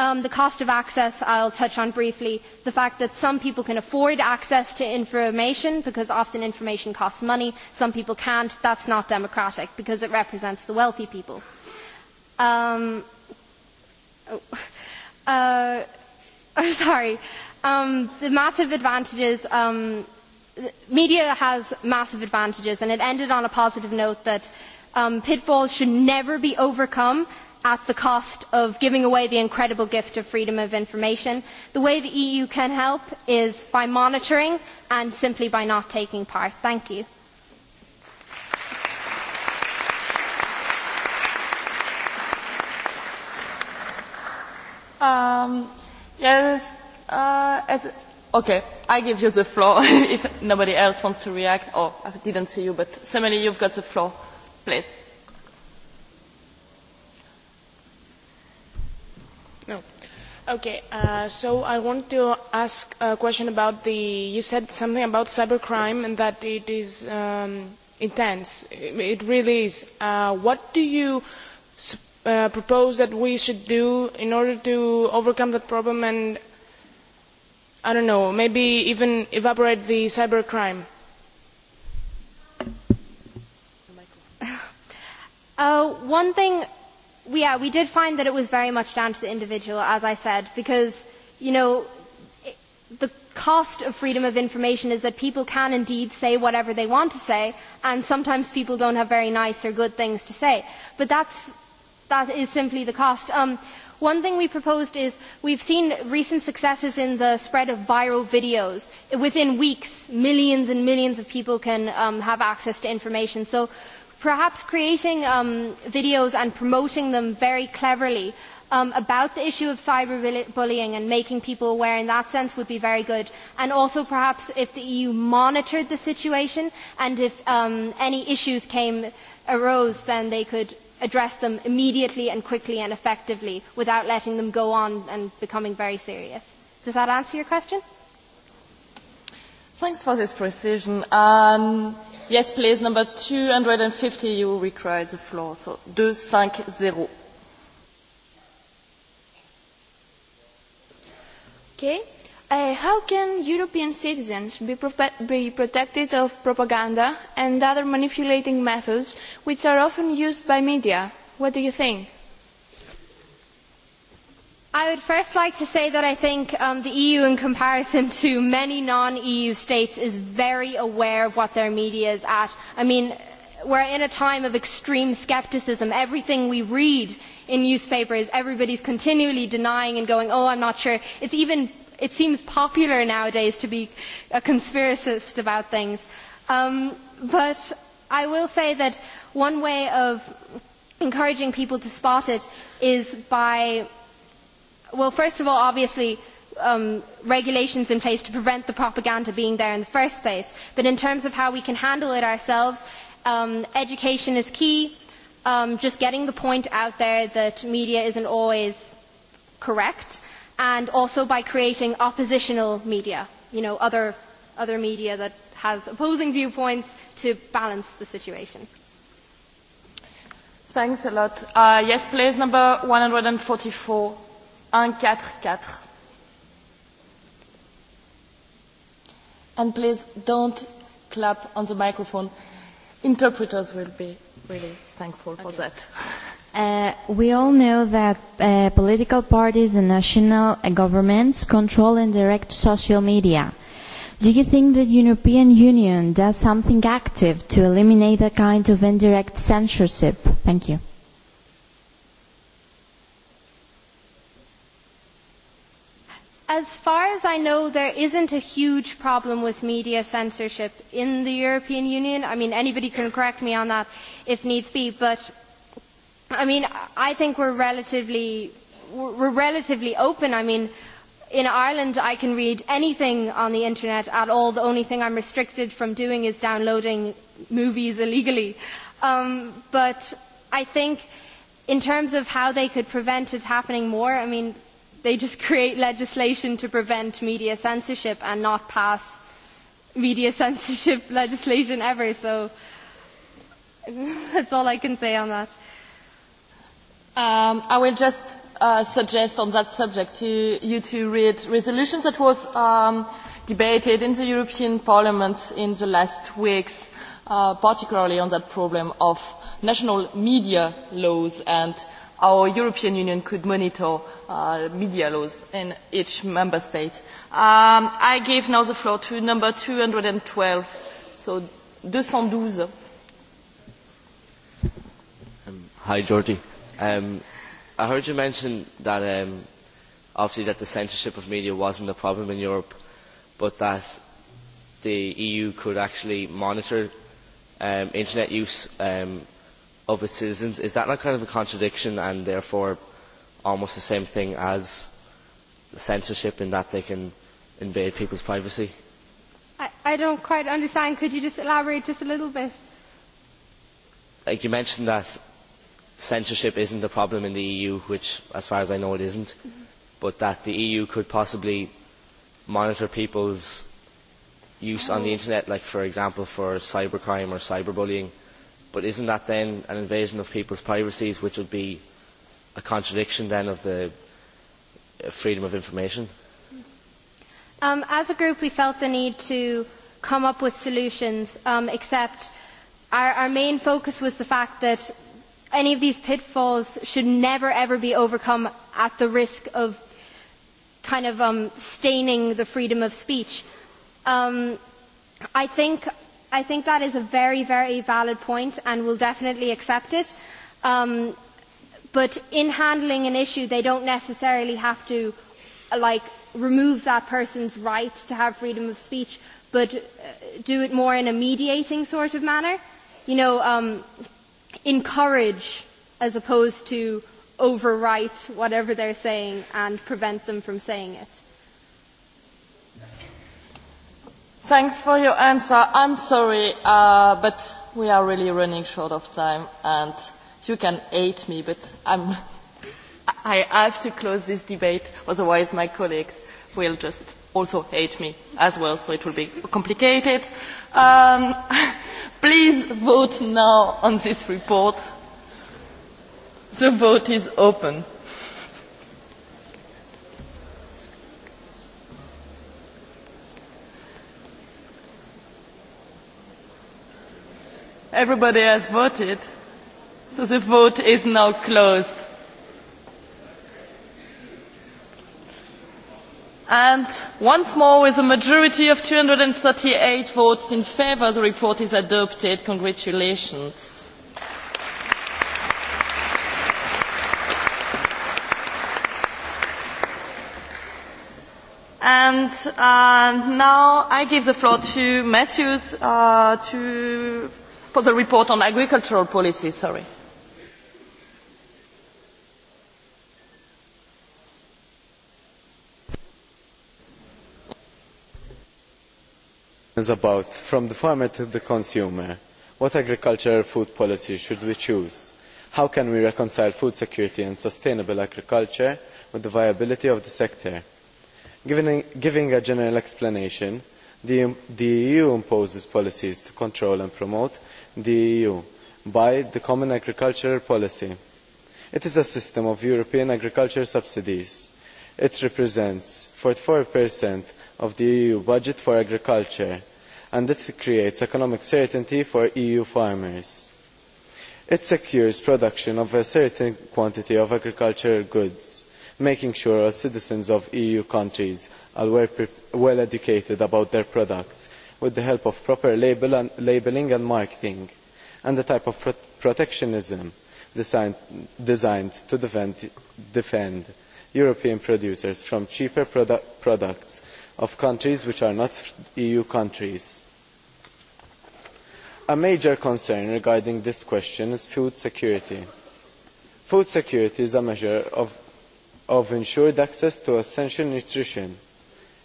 the cost of access I'll touch on briefly the fact that some people can afford access to information because often information costs money some people can't, that's not democratic because it represents the wealthy people. Sorry. the massive advantages media has massive advantages and it ended on a positive note that pitfalls should never be overcome at the cost of giving away the incredible gift of freedom of information. The way the EU can help is by monitoring and simply by not taking part. Thank you. Yes, okay, I give you the floor if nobody else wants to react. Oh, I didn't see you, but you you've got the floor. Please. Okay, so I want to ask a question about the. You said something about cybercrime and that it is intense. It really is. What do you propose that we should do in order to overcome that problem and, I don't know, maybe even evaporate the cybercrime? One thing yeah, we did find that it was very much down to the individual, as I said, because, you know, the cost of freedom of information is that people can indeed say whatever they want to say, and sometimes people don't have very nice or good things to say. But that's, that is simply the cost. Um, One thing we proposed is we've seen recent successes in the spread of viral videos. Within weeks, millions and millions of people can have access to information. So perhaps creating videos and promoting them very cleverly about the issue of cyberbullying and making people aware in that sense would be very good. And also perhaps if the EU monitored the situation and if any issues arose, then they could address them immediately and quickly and effectively without letting them go on and becoming very serious. Does that answer your question? Thanks for this precision. Yes, please, number 250, you require the floor. So, 250. Okay. How can European citizens be protected of propaganda and other manipulating methods which are often used by media? What do you think? I would first like to say that I think the EU, in comparison to many non-EU states, is very aware of what their media is at. I mean, we're in a time of extreme scepticism. Everything we read in newspapers, everybody's continually denying and going, "Oh, I'm not sure." It's even it seems popular nowadays to be a conspiracist about things. But I will say that one way of encouraging people to spot it is by well first of all obviously regulations in place to prevent the propaganda being there in the first place but in terms of how we can handle it ourselves education is key just getting the point out there that media isn't always correct and also by creating oppositional media you know other other media that has opposing viewpoints to balance the situation thanks a lot yes please number 144 144. And please don't clap on the microphone. Interpreters will be really thankful for that. We all know that political parties and national governments control and direct social media. Do you think the European Union does something active to eliminate that kind of indirect censorship? Thank you. As far as I know, there isn't a huge problem with media censorship in the European Union. I mean, anybody can correct me on that if needs be, but I mean, I think we're relatively we're relatively open. I mean, in Ireland, I can read anything on the internet at all. The only thing I'm restricted from doing is downloading movies illegally. But I think, in terms of how they could prevent it happening more, I mean they just create legislation to prevent media censorship and not pass media censorship legislation ever. So that's all I can say on that. I will just suggest on that subject to you to read resolutions that was debated in the European Parliament in the last weeks, particularly on that problem of national media laws and our European Union could monitor media laws in each member state. I give now the floor to number 212, so 212. Hi, Georgie. I heard you mention that obviously that the censorship of media wasn't a problem in Europe, but that the EU could actually monitor internet use of its citizens. Is that not kind of a contradiction and therefore almost the same thing as censorship in that they can invade people's privacy? I don't quite understand. Could you just elaborate just a little bit? Like you mentioned that censorship isn't a problem in the EU, which as far as I know it isn't, but that the EU could possibly monitor people's use on the internet, like for example for cybercrime or cyberbullying But isn't that then an invasion of people's privacies, which would be a contradiction then of the freedom of information? As a group, we felt the need to come up with solutions, except our main focus was the fact that any of these pitfalls should never, ever be overcome at the risk of kind of staining the freedom of speech. I think I think that is a very, very valid point and will definitely accept it. But in handling an issue, they don't necessarily have to, like, remove that person's right to have freedom of speech, but do it more in a mediating sort of manner. You know, encourage as opposed to overwrite whatever they're saying and prevent them from saying it. Thanks for your answer. I'm sorry, but we are really running short of time, and you can hate me, but I'm, I have to close this debate, otherwise my colleagues will just also hate me as well, so it will be complicated. Um, please vote now on this report. The vote is open. Everybody has voted. So the vote is now closed. And once more, with a majority of 238 votes in favor the report is adopted. Congratulations. And now I give the floor to Matthews to for the report on agricultural policy, sorry. about from the farmer to the consumer what agricultural food policy should we choose how can we reconcile food security and sustainable agriculture with the viability of the sector giving a general explanation the eu imposes policies to control and promote the eu by the common agricultural policy. it is a system of european agricultural subsidies. it represents forty four of the eu budget for agriculture and it creates economic certainty for eu farmers. it secures production of a certain quantity of agricultural goods making sure all citizens of eu countries are well educated about their products with the help of proper labelling and marketing and a type of protectionism designed to defend european producers from cheaper products of countries which are not eu countries. a major concern regarding this question is food security. food security is a measure of ensured access to essential nutrition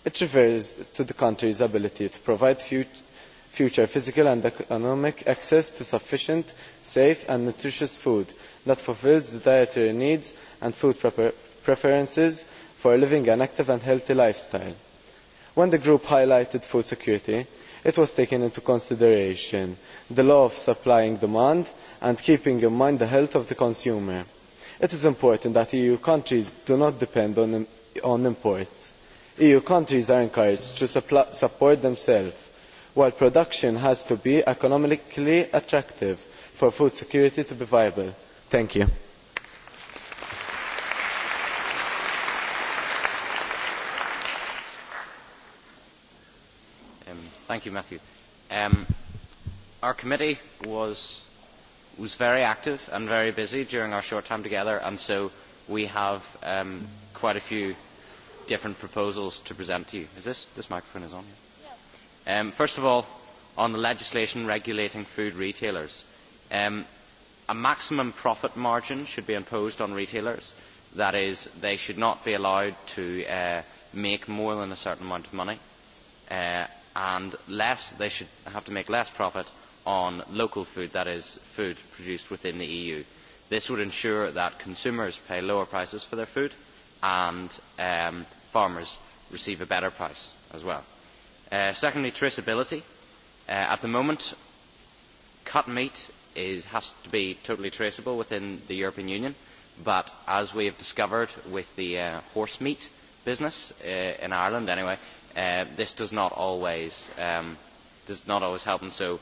it refers to the country's ability to provide future physical and economic access to sufficient safe and nutritious food that fulfils the dietary needs and food preferences for living an active and healthy lifestyle. when the group highlighted food security it was taking into consideration the law of supply and demand and keeping in mind the health of the consumer. it is important that eu countries do not depend on imports eu countries are encouraged to support themselves while production has to be economically attractive for food security to be viable. thank you. our committee was very active and very busy during our short time together and so we have quite a few different proposals to present to you. Is this this microphone is on? First of all, on the legislation regulating food retailers, a maximum profit margin should be imposed on retailers. That is, they should not be allowed to make more than a certain amount of money, and less they should have to make less profit on local food, that is, food produced within the EU. This would ensure that consumers pay lower prices for their food and farmers receive a better price as well. Secondly, traceability. At the moment, cut meat has to be totally traceable within the European Union, but as we have discovered with the horse meat business in Ireland anyway, this does not always does not always help. And so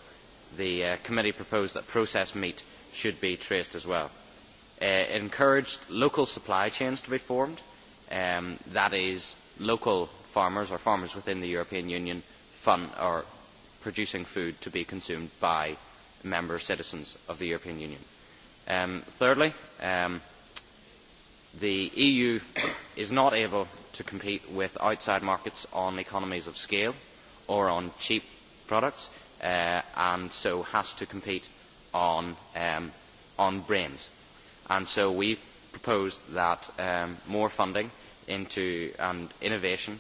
the committee proposed that processed meat should be traced as well. Encouraged local supply chains to be formed that is local farmers or farmers within the European Union are producing food to be consumed by member citizens of the European Union. Thirdly, the EU is not able to compete with outside markets on economies of scale or on cheap products and so has to compete on brains. And so we propose that more funding into and innovation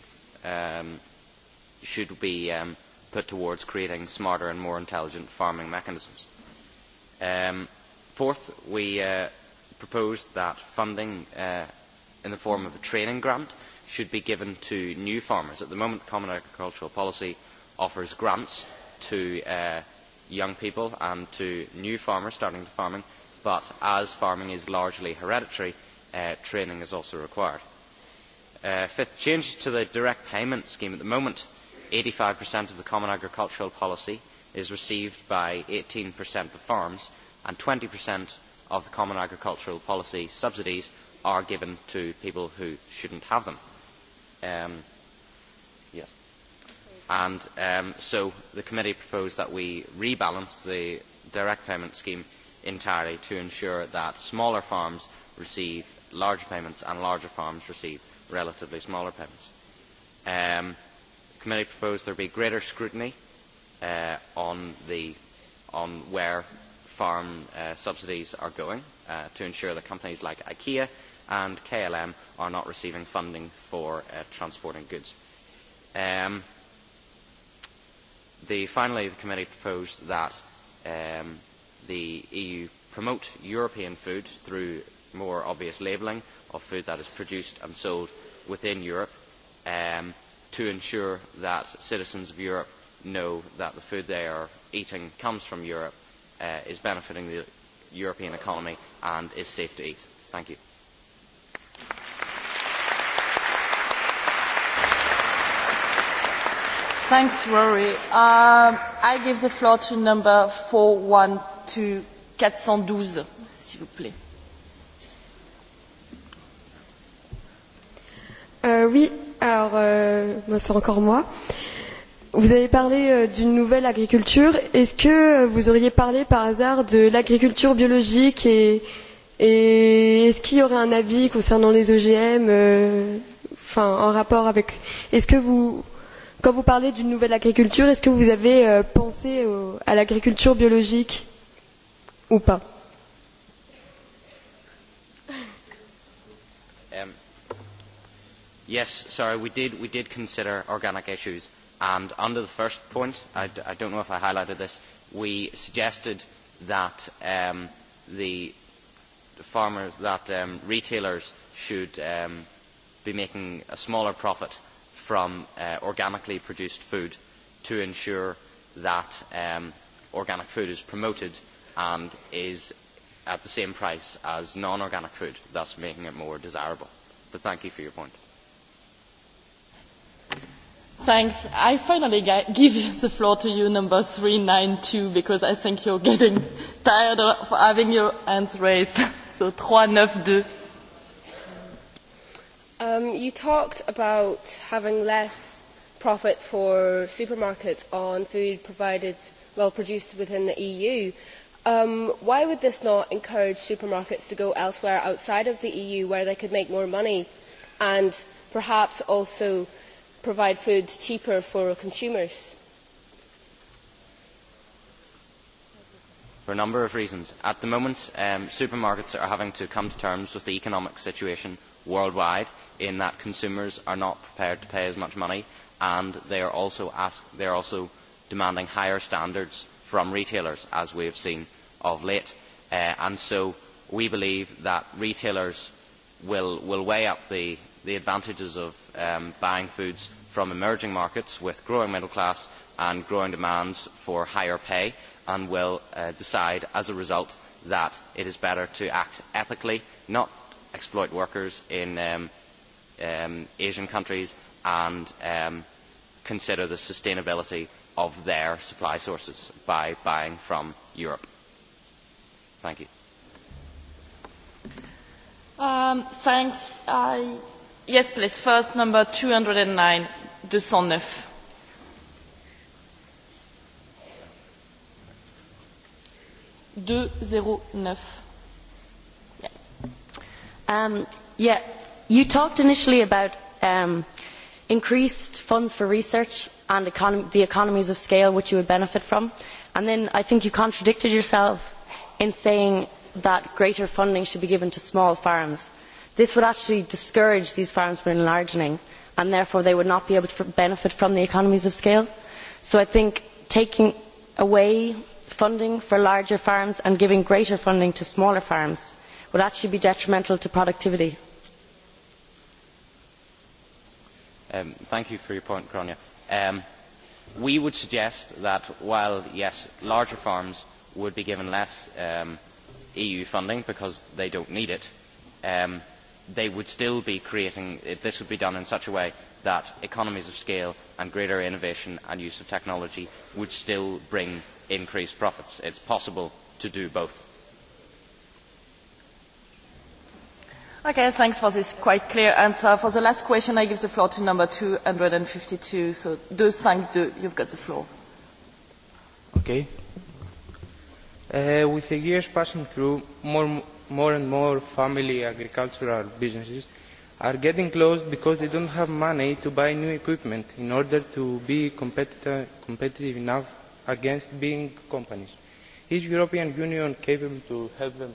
should be put towards creating smarter and more intelligent farming mechanisms. Fourth, we proposed that funding in the form of a training grant should be given to new farmers. At the moment, the Common Agricultural Policy offers grants to young people and to new farmers starting to farming, but as farming is largely hereditary, training is also required. Fifth, changes to the direct payment scheme. At the moment, eighty five of the common agricultural policy is received by 18% of farms, and 20% of the common agricultural policy subsidies are given to people who shouldn't have them. And so the committee proposed that we rebalance the direct payment scheme entirely to ensure that smaller farms receive larger payments and larger farms receive relatively smaller payments. The committee proposed there be greater scrutiny on where farm subsidies are going to ensure that companies like IKEA and KLM are not receiving funding for transporting goods. Finally, the committee proposed that the EU promote European food through more obvious labelling of food that is produced and sold within Europe to ensure that citizens of Europe know that the food they are eating comes from Europe, is benefiting the European economy and is safe to eat. Thank you. Thanks, Rory. I give the floor to number 412, 412, s'il vous plaît. Oui, alors c'est encore moi. Vous avez parlé d'une nouvelle agriculture. Est-ce que vous auriez parlé par hasard de l'agriculture biologique et est-ce qu'il y aurait un avis concernant les OGM en rapport avec. Est-ce que vous. Quand vous parlez d'une nouvelle agriculture, est-ce que vous avez pensé à l'agriculture biologique ou pas Yes, sorry, we did, we did consider organic issues. And under the first point, I, I don't know if I highlighted this, we suggested that the farmers, that retailers should be making a smaller profit from organically produced food to ensure that organic food is promoted and is at the same price as non-organic food, thus making it more desirable. But thank you for your point. Thanks. I finally give the floor to you, number 392, because I think are getting tired of having your hands raised. So 392. Um, you talked about having less profit for supermarkets on food provided, well, produced within the EU. Um, why would this not encourage supermarkets to go elsewhere outside of the EU where they could make more money and perhaps also provide food cheaper for consumers? For a number of reasons. At the moment, supermarkets are having to come to terms with the economic situation worldwide in that consumers are not prepared to pay as much money and they are also demanding higher standards from retailers, as we have seen of late. And so we believe that retailers will weigh up the the advantages of buying foods from emerging markets with growing middle class and growing demands for higher pay and will decide as a result that it is better to act ethically, not exploit workers in Asian countries and consider the sustainability of their supply sources by buying from Europe. Thank you. Thanks. Yes, please. First, number 209, 209. Yeah, you talked initially about increased funds for research and the economies of scale which you would benefit from, and then I think you contradicted yourself in saying that greater funding should be given to small farms This would actually discourage these farms from enlarging and therefore they would not be able to benefit from the economies of scale. So I think taking away funding for larger farms and giving greater funding to smaller farms would actually be detrimental to productivity. Thank you for your point, We would suggest that while, yes, larger farms would be given less EU funding because they don't need it, they would still be creating, this would be done in such a way that economies of scale and greater innovation and use of technology would still bring increased profits. It's possible to do both. Okay, thanks for this quite clear answer. For the last question, I give the floor to number 252. So 252, you've got the floor. Okay. With the years passing through, more more and more family agricultural businesses are getting closed because they don't have money to buy new equipment in order to be competitive enough against being companies. Is European Union capable to help them?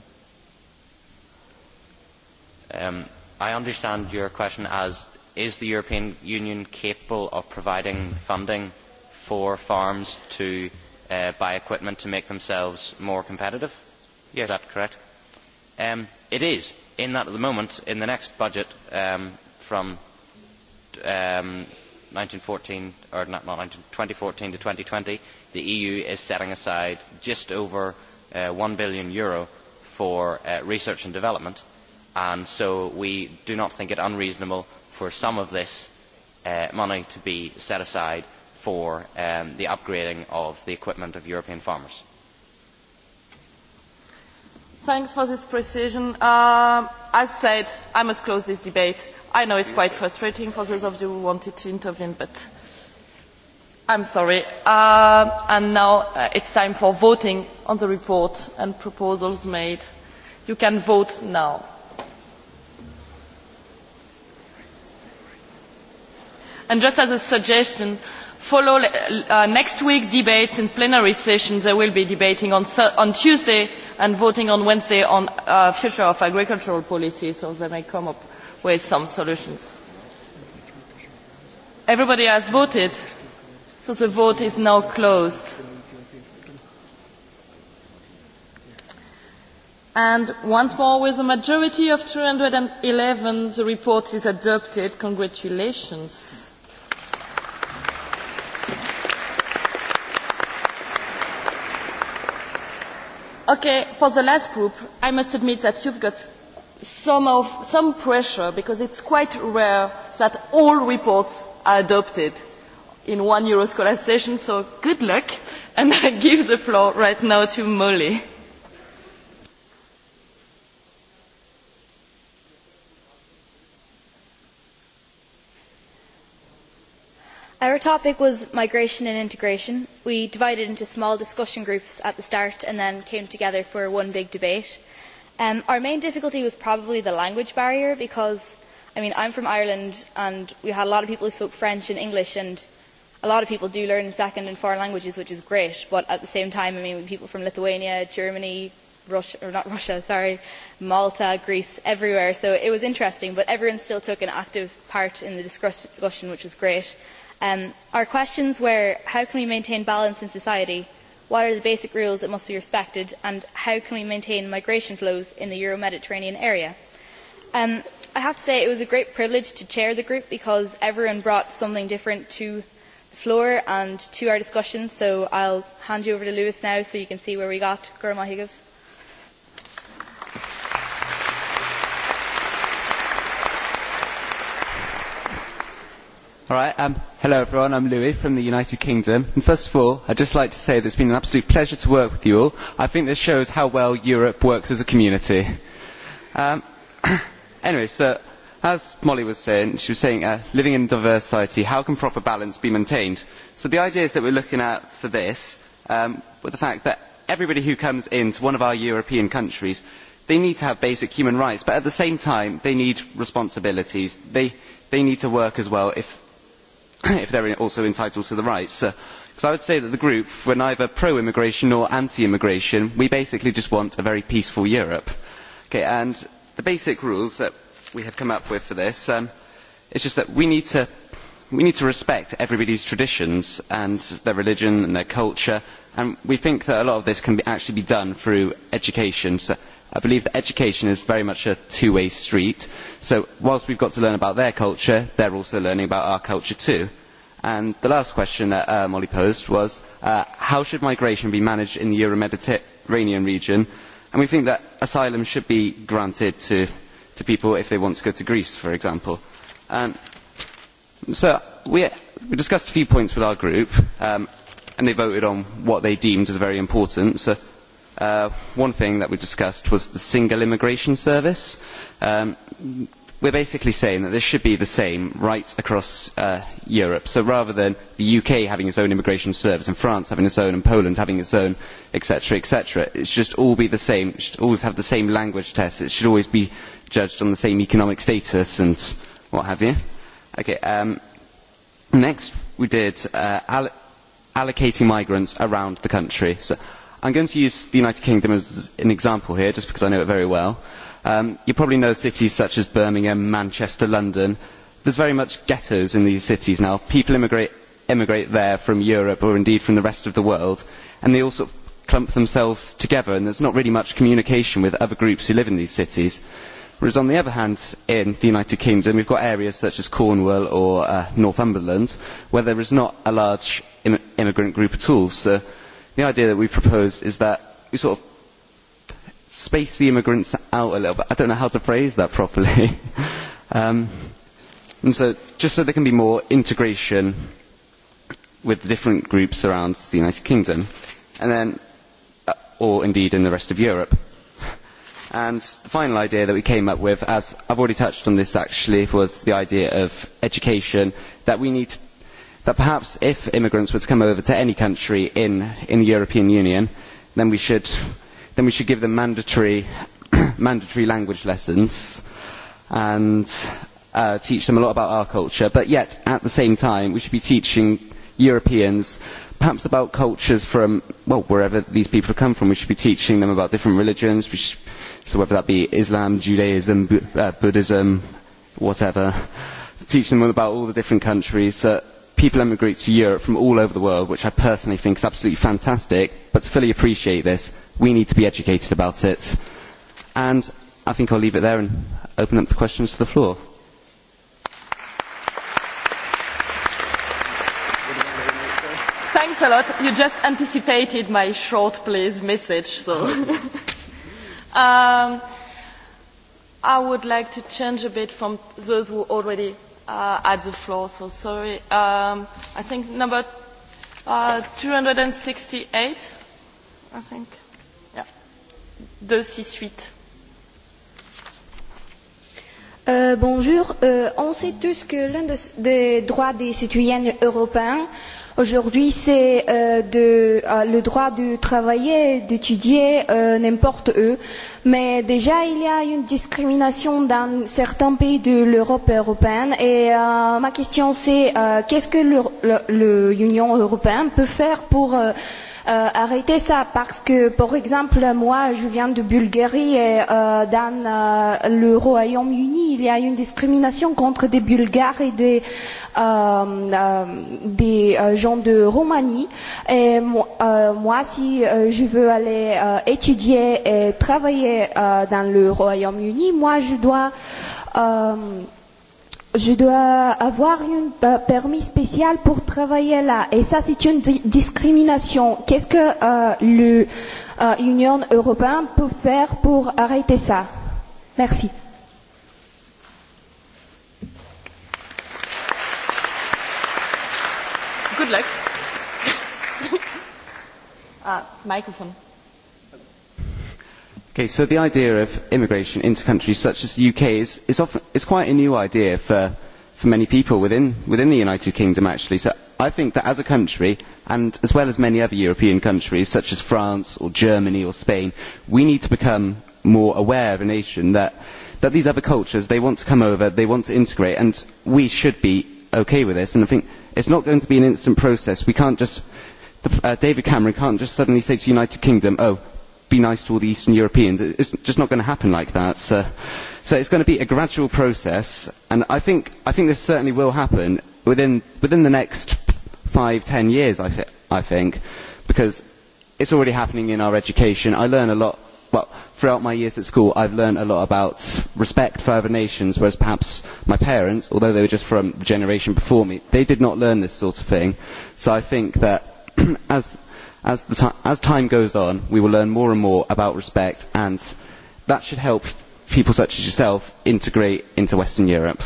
I understand your question as is the European Union capable of providing funding for farms to buy equipment to make themselves more competitive? Is that correct? It is, in that at the moment, in the next budget from 2014 to 2020, the EU is setting aside just over EUR 1 billion for research and development, and so we do not think it unreasonable for some of this money to be set aside for the upgrading of the equipment of European farmers. Thanks for this precision. As I said, I must close this debate. I know it's quite frustrating for those of you who wanted to intervene, but I'm sorry. And now it's time for voting on the report and proposals made. You can vote now. And just as a suggestion, follow next week's debates in plenary sessions. there will be debating on Tuesday and voting on Wednesday on the future of agricultural policy, so they may come up with some solutions. Everybody has voted, so the vote is now closed. And once more, with a majority of 211, the report is adopted. Congratulations. Okay, for the last group, I must admit that you have got some pressure because it is quite rare that all reports are adopted in one Euroscholar session, so good luck, and I give the floor right now to Molly. Our topic was migration and integration. We divided into small discussion groups at the start and then came together for one big debate. Our main difficulty was probably the language barrier because, I mean, I'm from Ireland and we had a lot of people who spoke French and English and a lot of people do learn second and foreign languages, which is great. But at the same time, I mean, people from Lithuania, Germany, Russia, or not Russia, sorry, Malta, Greece, everywhere. So it was interesting, but everyone still took an active part in the discussion, which was great Our questions were how can we maintain balance in society, what are the basic rules that must be respected, and how can we maintain migration flows in the Euro-Mediterranean area. I have to say it was a great privilege to chair the group because everyone brought something different to the floor and to our discussion, so I'll hand you over to Lewis now so you can see where we got. Gurmahigav. Hello everyone, I'm Louis from the United Kingdom. And first of all, I'd just like to say that it's been an absolute pleasure to work with you all. I think this shows how well Europe works as a community. Anyway, so as Molly was saying, she was saying, living in a diverse society, how can proper balance be maintained? So the ideas that we're looking at for this were the fact that everybody who comes into one of our European countries, they need to have basic human rights, but at the same time, they need responsibilities. They need to work as well if if they are also entitled to the rights. Because I would say that the group, we're neither pro-immigration nor anti-immigration. We basically just want a very peaceful Europe. the basic rules that we have come up with for this is just that we need to respect everybody's traditions and their religion and their culture. And we think that a lot of this can actually be done through education. I believe that education is very much a two-way street. So whilst we've got to learn about their culture, they're also learning about our culture too. And the last question that Molly posed was, how should migration be managed in the Euro-Mediterranean region? And we think that asylum should be granted to people if they want to go to Greece, for example. So we discussed a few points with our group, and they voted on what they deemed as very important. One thing that we discussed was the single immigration service. We're basically saying that this should be the same right across Europe. So rather than the UK having its own immigration service and France having its own and Poland having its own, etc., etc., it should just all be the same. It should always have the same language tests. It should always be judged on the same economic status and what have you. Next, we did allocating migrants around the country. I'm going to use the United Kingdom as an example here, just because I know it very well. You probably know cities such as Birmingham, Manchester, London. There's very much ghettos in these cities now. People immigrate there from Europe or indeed from the rest of the world, and they all sort of clump themselves together, and there's not really much communication with other groups who live in these cities. Whereas on the other hand, in the United Kingdom, we've got areas such as Cornwall or Northumberland where there is not a large immigrant group at all. So the idea that we proposed is that we sort of space the immigrants out a little bit. I don't know how to phrase that properly. and so just so there can be more integration with different groups around the United Kingdom, and then, or indeed in the rest of Europe. And the final idea that we came up with, as I've already touched on this actually, was the idea of education, that we need to, that perhaps if immigrants were to come over to any country in the European Union, then we should give them mandatory language lessons and teach them a lot about our culture. But yet, at the same time, we should be teaching Europeans perhaps about cultures from, well, wherever these people come from. We should be teaching them about different religions, so whether that be Islam, Judaism, Buddhism, whatever. Teach them about all the different countries that people emigrate to Europe from all over the world, which I personally think is absolutely fantastic, but to fully appreciate this, we need to be educated about it. And I think I'll leave it there and open up the questions to the floor. Thanks a lot. You just anticipated my short please message, I would like to change a bit from those who already at the floor, so sorry. I think number 268, I think. Yeah. 268. Bonjour. On sait tous que l'un des, des droits des citoyens européens Aujourd'hui, c'est le droit de travailler, d'étudier n'importe où. Mais déjà, il y a une discrimination dans certains pays de l'Europe européenne. Et ma question, c'est qu'est-ce que l'Union européenne peut faire pour arrêter ça parce que par exemple moi je viens de Bulgarie et dans le Royaume-Uni il y a une discrimination contre des Bulgares et des gens de Roumanie et moi si je veux aller étudier et travailler dans le Royaume-Uni moi je dois je dois avoir un permis spécial pour travailler là. Et ça, c'est une discrimination. Qu'est-ce que l'Union européenne peut faire pour arrêter ça Merci. Good luck. ah, microphone. Okay, so the idea of immigration into countries such as the UK is, is, often, quite a new idea for for many people within within the United Kingdom, actually. So I think that as a country, and as well as many other European countries, such as France or Germany or Spain, we need to become more aware of a nation that these other cultures, they want to come over, they want to integrate, and we should be okay with this. And I think it's not going to be an instant process. We can't just, David Cameron can't just suddenly say to the United Kingdom, oh, be nice to all the Eastern Europeans. It's just not going to happen like that. So it's going to be a gradual process, and I think I think this certainly will happen within within the next five, ten years, I think, because it's already happening in our education. I learn a lot. Well, throughout my years at school, I've learned a lot about respect for other nations, whereas perhaps my parents, although they were just from the generation before me, they did not learn this sort of thing. So I think that as As time goes on, we will learn more and more about respect, and that should help people such as yourself integrate into Western Europe.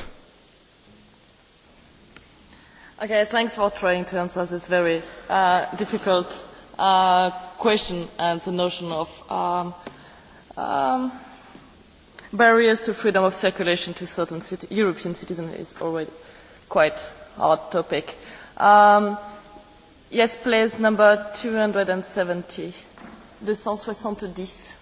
Okay, thanks for trying to answer this very difficult question and the notion of barriers to freedom of circulation to certain European citizens is already quite a hard topic. Yes, please, number 270. 270. 270.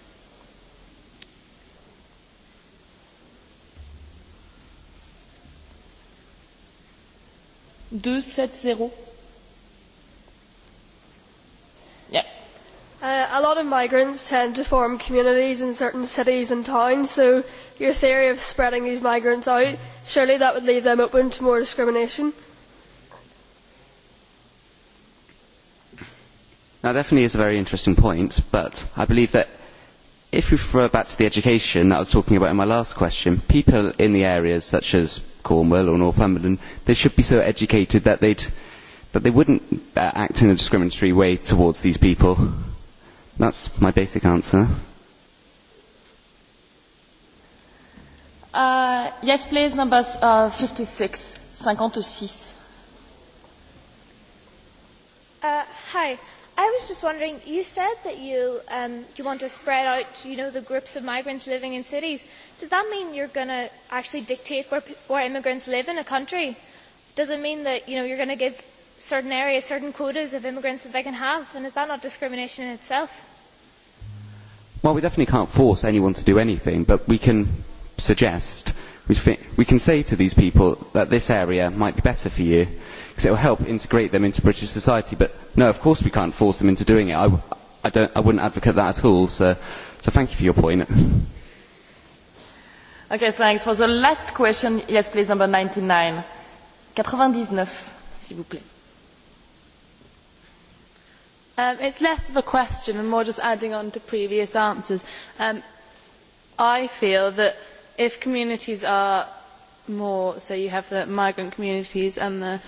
A lot of migrants tend to form communities in certain cities and towns, so your theory of spreading these migrants out, surely that would leave them open to more discrimination. Now, definitely is a very interesting point, but I believe that if we refer back to the education that I was talking about in my last question, people in the areas such as Cornwall or Northumberland, they should be so educated that they'd that they wouldn't act in a discriminatory way towards these people. That's my basic answer. Uh, yes, please, numbers 56, 56. Uh, hi. I was just wondering, you said that you, want to spread out, the groups of migrants living in cities. Does that mean you're going to actually dictate where, where immigrants live in a country? Does it mean that, you know, you're going to give certain areas certain quotas of immigrants that they can have? And is that not discrimination in itself? Well, we definitely can't force anyone to do anything, but we can suggest we can say to these people that this area might be better for you because it will help integrate them into British society. But no, of course we can't force them into doing it. I, I, wouldn't advocate that at all. So, thank you for your point. Okay, thanks. For the last question, yes, please, number 99. 99, s'il vous plaît. it's less of a question and more just adding on to previous answers. I feel that if communities are more, so you have the migrant communities and the,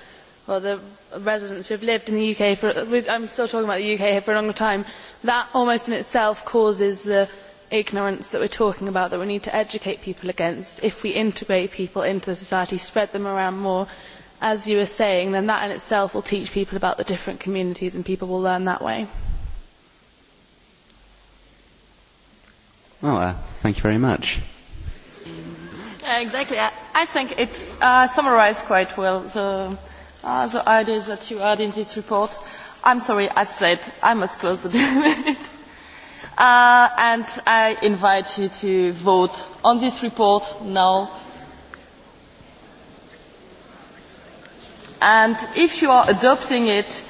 well, the residents who have lived in the UK for, I'm still talking about the UK here for a long time, that almost in itself causes the ignorance that we're talking about that we need to educate people against. If we integrate people into the society, spread them around more, as you were saying, then that in itself will teach people about the different communities and people will learn that way. Well, thank you very much. Exactly. I think it summarized quite well the the ideas that you had in this report. I'm sorry, I said I must close the debate. And I invite you to vote on this report now. And if you are adopting it,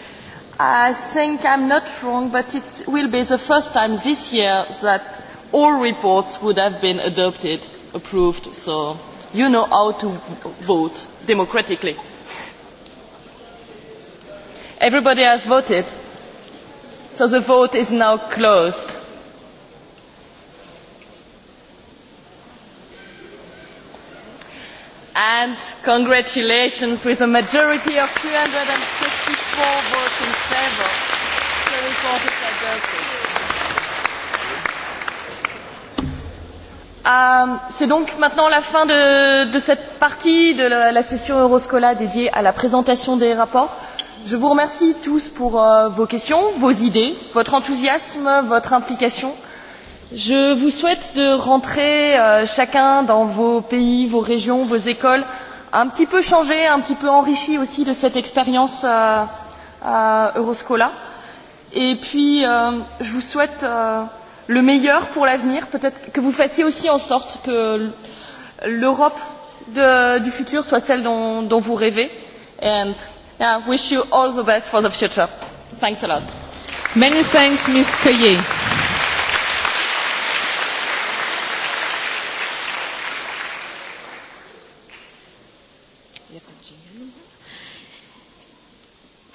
I think I'm not wrong, but it will be the first time this year that all reports would have been adopted approved, so you know how to vote democratically. Everybody has voted, so the vote is now closed. And congratulations with a majority of 264 votes in favor. The report C'est donc maintenant la fin de cette partie de la session Euroscola dédiée à la présentation des rapports. Je vous remercie tous pour vos questions, vos idées, votre enthousiasme, votre implication. Je vous souhaite de rentrer chacun dans vos pays, vos régions, vos écoles, un petit peu changé, un petit peu enrichi aussi de cette expérience Euroscola. Et puis, je vous souhaite le meilleur pour l'avenir, peut-être que vous fassiez aussi en sorte que l'Europe du futur soit celle dont dont vous rêvez. And I wish you all the best for the future. Thanks a lot. Many thanks, Ms. Caillé.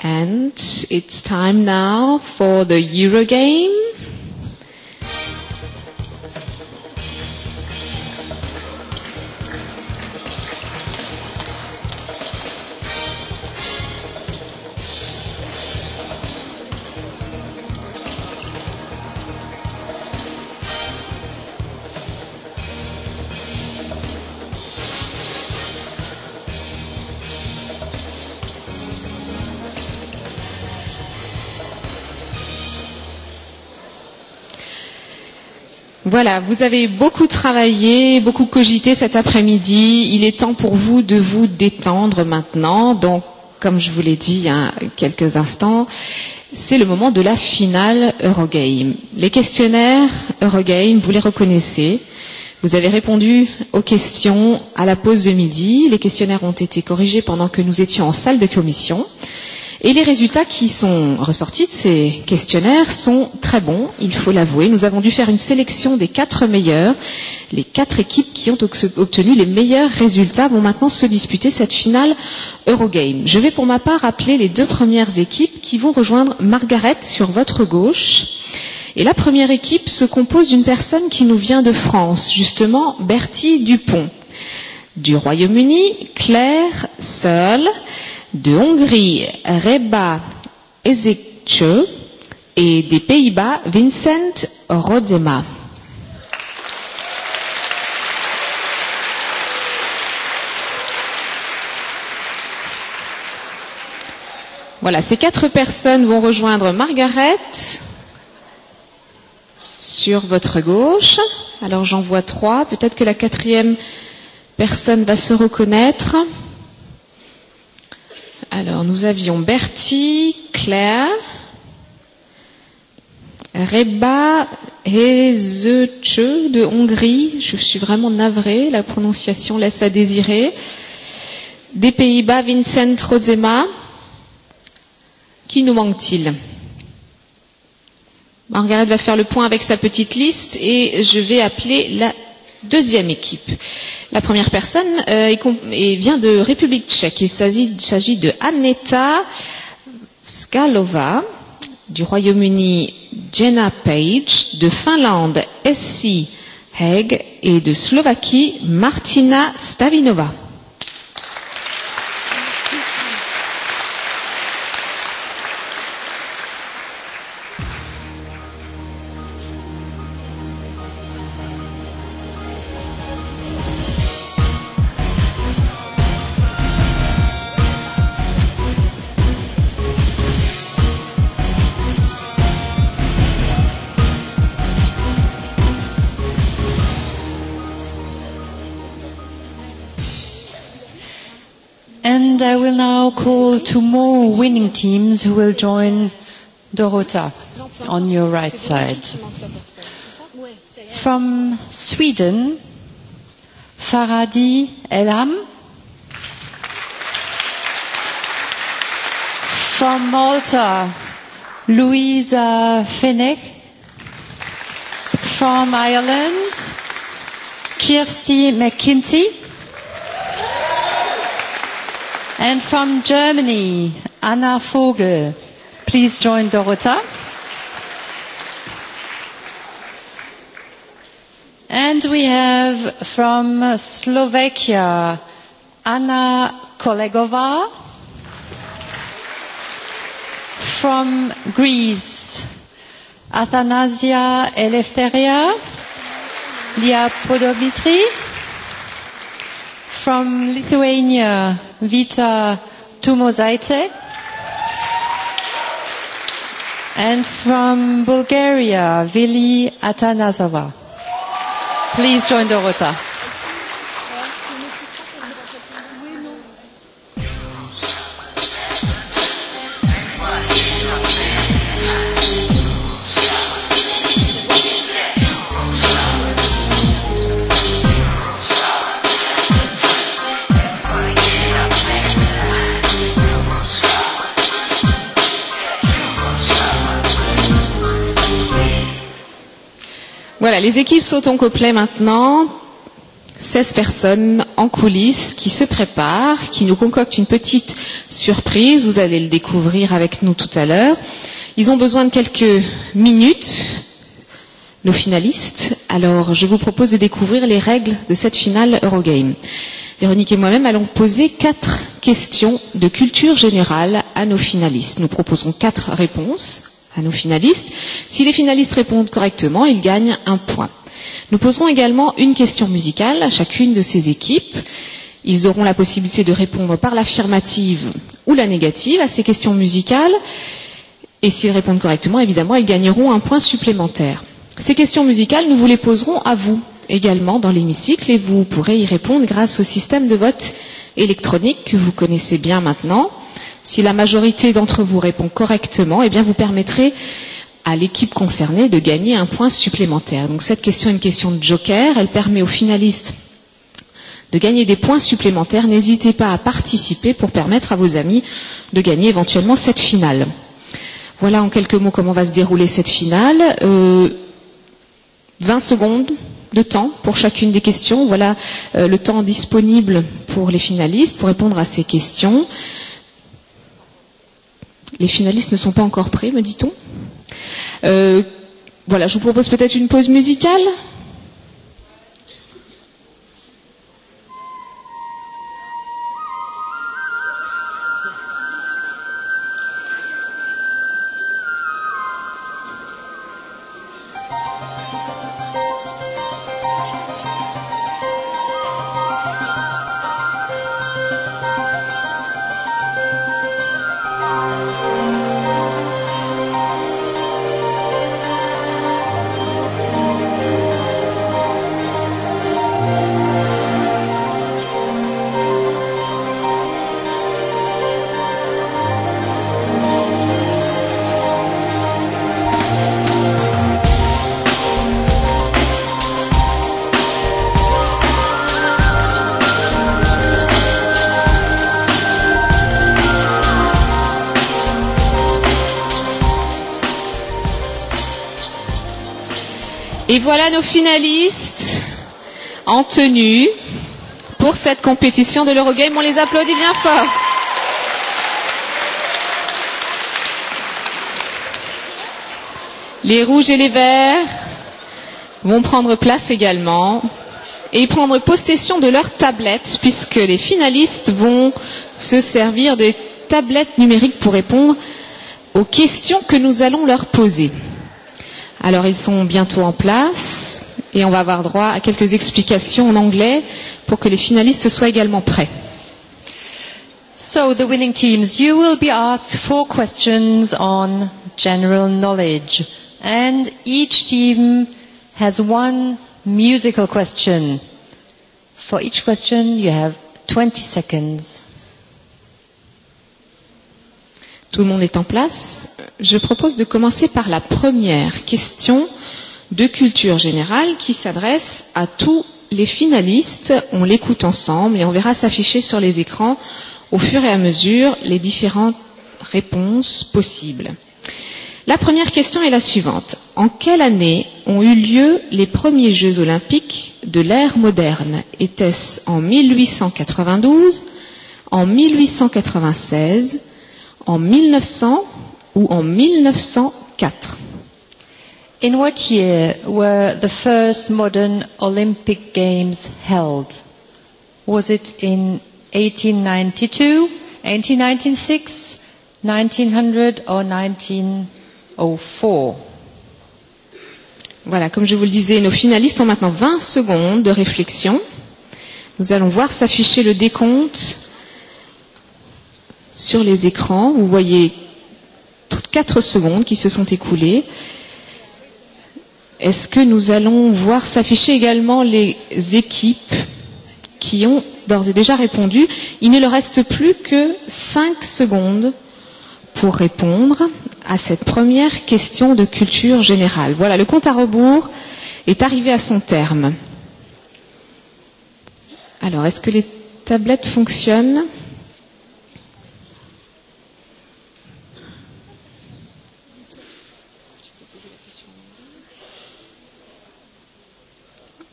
And it's time now for the Eurogame. Voilà, vous avez beaucoup travaillé, beaucoup cogité cet après-midi. Il est temps pour vous de vous détendre maintenant. Donc, comme je vous l'ai dit il y a quelques instants, c'est le moment de la finale Eurogame. Les questionnaires Eurogame, vous les reconnaissez. Vous avez répondu aux questions à la pause de midi. Les questionnaires ont été corrigés pendant que nous étions en salle de commission. Et les résultats qui sont ressortis de ces questionnaires sont très bons, il faut l'avouer. Nous avons dû faire une sélection des quatre meilleurs. Les quatre équipes qui ont obtenu les meilleurs résultats vont maintenant se disputer cette finale Eurogame. Je vais pour ma part appeler les deux premières équipes qui vont rejoindre Margaret sur votre gauche. Et la première équipe se compose d'une personne qui nous vient de France, justement Bertie Dupont. Du Royaume-Uni, Claire Seul de Hongrie, Reba Ezekce et des Pays-Bas, Vincent Rodzema. Voilà, ces quatre personnes vont rejoindre Margaret sur votre gauche. Alors j'en vois trois. Peut-être que la quatrième personne va se reconnaître. Alors, nous avions Bertie, Claire, Reba Hezeche de Hongrie. Je suis vraiment navrée, la prononciation laisse à désirer. Des Pays-Bas, Vincent Rosema. Qui nous manque-t-il Margaret va faire le point avec sa petite liste et je vais appeler la deuxième équipe. La première personne vient de République tchèque. Il s'agit de Aneta Skalova, du Royaume-Uni Jenna Page, de Finlande Essie Haig et de Slovaquie Martina Stavinova. And I will now call to more winning teams who will join Dorota on your right side. From Sweden, Faradi Elam. From Malta, Louisa Fenech. From Ireland, Kirsty McKinsey. And from Germany, Anna Vogel. Please join Dorota. And we have from Slovakia, Anna Kolegova. From Greece, Athanasia Eleftheria, Lia Podovitri. From Lithuania, Vita Tumozaitse. And from Bulgaria, Vili Atanasova. Please join Dorota. les équipes sautent en copelet maintenant. 16 personnes en coulisses qui se préparent, qui nous concoctent une petite surprise. Vous allez le découvrir avec nous tout à l'heure. Ils ont besoin de quelques minutes, nos finalistes. Alors, je vous propose de découvrir les règles de cette finale Eurogame. Véronique et moi-même allons poser quatre questions de culture générale à nos finalistes. Nous proposons quatre réponses à nos finalistes. Si les finalistes répondent correctement, ils gagnent un point. Nous poserons également une question musicale à chacune de ces équipes. Ils auront la possibilité de répondre par l'affirmative ou la négative à ces questions musicales. Et s'ils répondent correctement, évidemment, ils gagneront un point supplémentaire. Ces questions musicales, nous vous les poserons à vous également dans l'hémicycle et vous pourrez y répondre grâce au système de vote électronique que vous connaissez bien maintenant. Si la majorité d'entre vous répond correctement, eh bien vous permettrez à l'équipe concernée de gagner un point supplémentaire. Donc cette question est une question de joker, elle permet aux finalistes de gagner des points supplémentaires. N'hésitez pas à participer pour permettre à vos amis de gagner éventuellement cette finale. Voilà en quelques mots comment va se dérouler cette finale. Euh, 20 secondes de temps pour chacune des questions. Voilà le temps disponible pour les finalistes pour répondre à ces questions. Les finalistes ne sont pas encore prêts, me dit-on. Voilà, je vous propose peut-être une pause musicale. Et voilà nos finalistes en tenue pour cette compétition de l'Eurogame. On les applaudit bien fort. Les rouges et les verts vont prendre place également et prendre possession de leurs tablettes puisque les finalistes vont se servir des tablettes numériques pour répondre aux questions que nous allons leur poser. Alors ils sont bientôt en place et on va avoir droit à quelques explications en anglais pour que les finalistes soient également prêts. So the winning teams, you will be asked four questions on general knowledge and each team has one musical question. For each question you have 20 seconds. Tout le monde est en place. Je propose de commencer par la première question de culture générale qui s'adresse à tous les finalistes. On l'écoute ensemble et on verra s'afficher sur les écrans au fur et à mesure les différentes réponses possibles. La première question est la suivante. En quelle année ont eu lieu les premiers Jeux olympiques de l'ère moderne Était-ce en 1892, en 1896 en 1900 ou en 1904 In what year were the first modern Olympic Games held? Was it in 1892, 1896, 1900 or 1904? Voilà, comme je vous le disais, nos finalistes ont maintenant 20 secondes de réflexion. Nous allons voir s'afficher le décompte sur les écrans. Vous voyez quatre secondes qui se sont écoulées. Est-ce que nous allons voir s'afficher également les équipes qui ont d'ores et déjà répondu Il ne leur reste plus que cinq secondes pour répondre à cette première question de culture générale. Voilà, le compte à rebours est arrivé à son terme. Alors, est-ce que les tablettes fonctionnent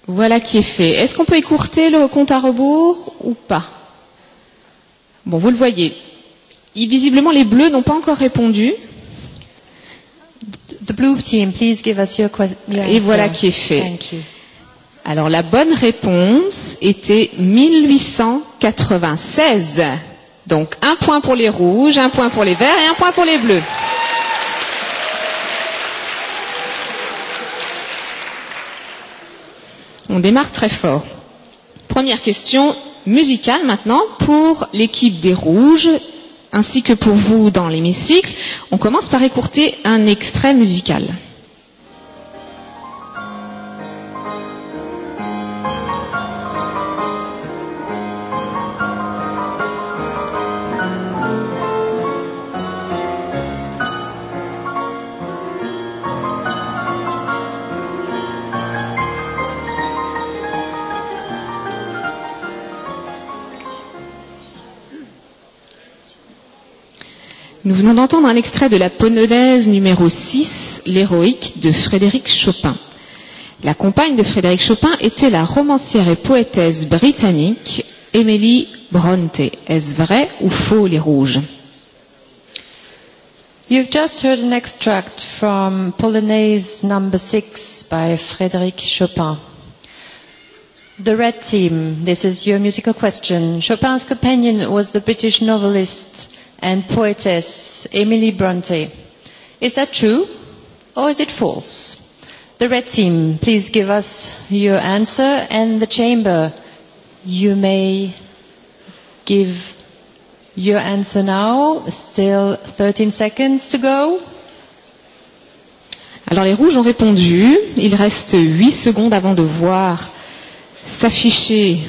Voilà qui est fait. Est-ce qu'on peut écourter le compte à rebours ou pas Bon, vous le voyez. Visiblement, les bleus n'ont pas encore répondu. The blue team, please give us your Et voilà qui est fait. Thank you. Alors, la bonne réponse était 1896. Donc, un point pour les rouges, un point pour les verts et un point pour les bleus. On démarre très fort. Première question musicale maintenant pour l'équipe des Rouges ainsi que pour vous dans l'hémicycle. On commence par écourter un extrait musical. Nous venons d'entendre un extrait de la polonaise numéro 6, L'héroïque de Frédéric Chopin. La compagne de Frédéric Chopin était la romancière et poétesse britannique Emily Bronte. Est-ce vrai ou faux les rouges You've just heard an extract from Polonaise number 6 by Frédéric Chopin. The Red Team, this is your musical question. Chopin's companion was the British novelist and poetess Emily Bronte. Is that true or is it false? The red team, please give us your answer and the chamber. You may give your answer now. Still 13 seconds to go. Alors les rouges ont répondu. Il reste 8 secondes avant de voir s'afficher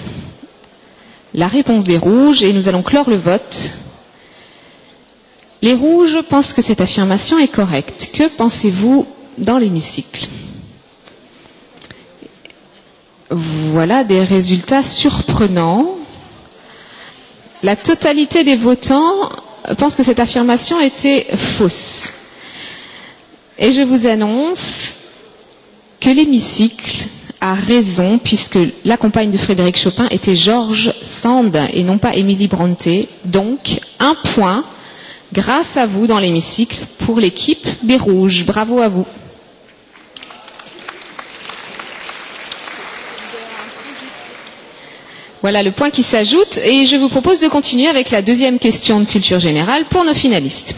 la réponse des rouges et nous allons clore le vote Les rouges pensent que cette affirmation est correcte. Que pensez-vous dans l'hémicycle Voilà des résultats surprenants. La totalité des votants pensent que cette affirmation était fausse. Et je vous annonce que l'hémicycle a raison puisque la compagne de Frédéric Chopin était Georges Sand et non pas Émilie Brontë. Donc, un point grâce à vous dans l'hémicycle pour l'équipe des Rouges. Bravo à vous. Voilà le point qui s'ajoute et je vous propose de continuer avec la deuxième question de culture générale pour nos finalistes.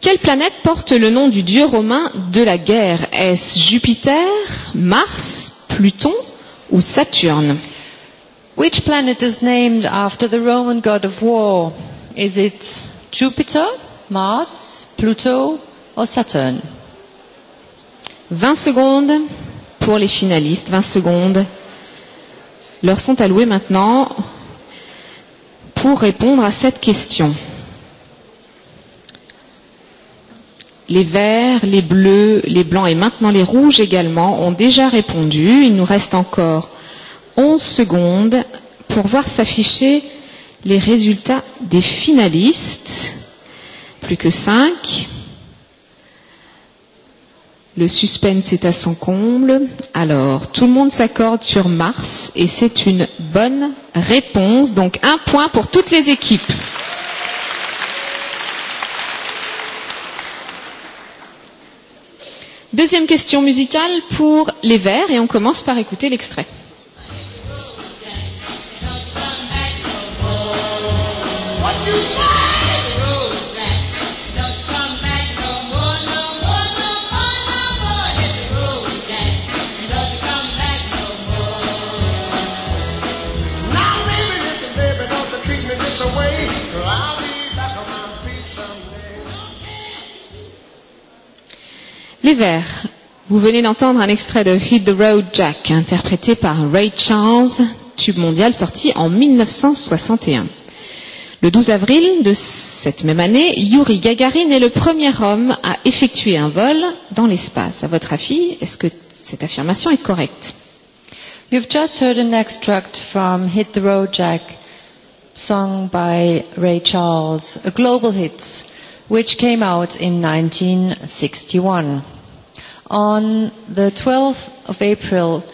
Quelle planète porte le nom du dieu romain de la guerre Est-ce Jupiter, Mars, Pluton ou Saturne Which planet is named after the Roman god of war Is it Jupiter, Mars, Pluto or Saturn? 20 secondes pour les finalistes, 20 secondes leur sont allouées maintenant pour répondre à cette question. Les verts, les bleus, les blancs et maintenant les rouges également ont déjà répondu. Il nous reste encore 11 secondes pour voir s'afficher les résultats des finalistes. Plus que cinq. Le suspense est à son comble. Alors, tout le monde s'accorde sur Mars et c'est une bonne réponse. Donc, un point pour toutes les équipes. Deuxième question musicale pour les Verts et on commence par écouter l'extrait. Les Verts. Vous venez d'entendre un extrait de Hit the Road Jack, interprété par Ray Charles, tube mondial sorti en 1961. Le 12 avril de cette même année, Yuri Gagarin est le premier homme à effectuer un vol dans l'espace. À votre avis, est-ce que cette affirmation est correcte You've just heard an extract from Hit the Road Jack, sung by Ray Charles, a global hit, which came out in 1961. On the 12th of April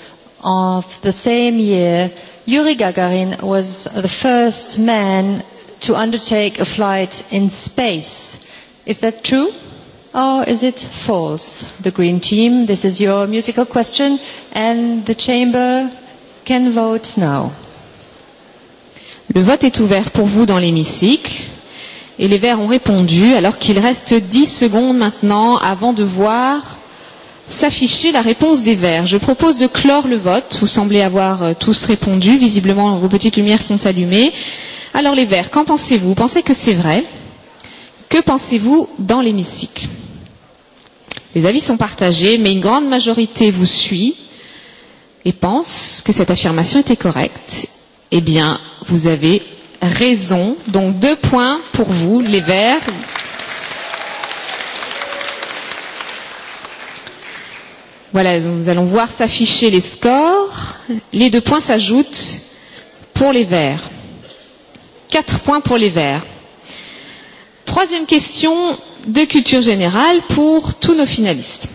of the same year, Yuri Gagarin was the first man to undertake a flight in space. Is that true or is it false? The Green Team, this is your musical question and the Chamber can vote now. Le vote est ouvert pour vous dans l'hémicycle et les Verts ont répondu alors qu'il reste 10 secondes maintenant avant de voir s'afficher la réponse des verts. Je propose de clore le vote. Vous semblez avoir tous répondu. Visiblement, vos petites lumières sont allumées. Alors les verts, qu'en pensez-vous Pensez que c'est vrai Que pensez-vous dans l'hémicycle Les avis sont partagés, mais une grande majorité vous suit et pense que cette affirmation était correcte. Eh bien, vous avez raison. Donc deux points pour vous, les verts. Voilà, nous allons voir s'afficher les scores. Les deux points s'ajoutent pour les verts. Quatre points pour les verts. Troisième question de culture générale pour tous nos finalistes.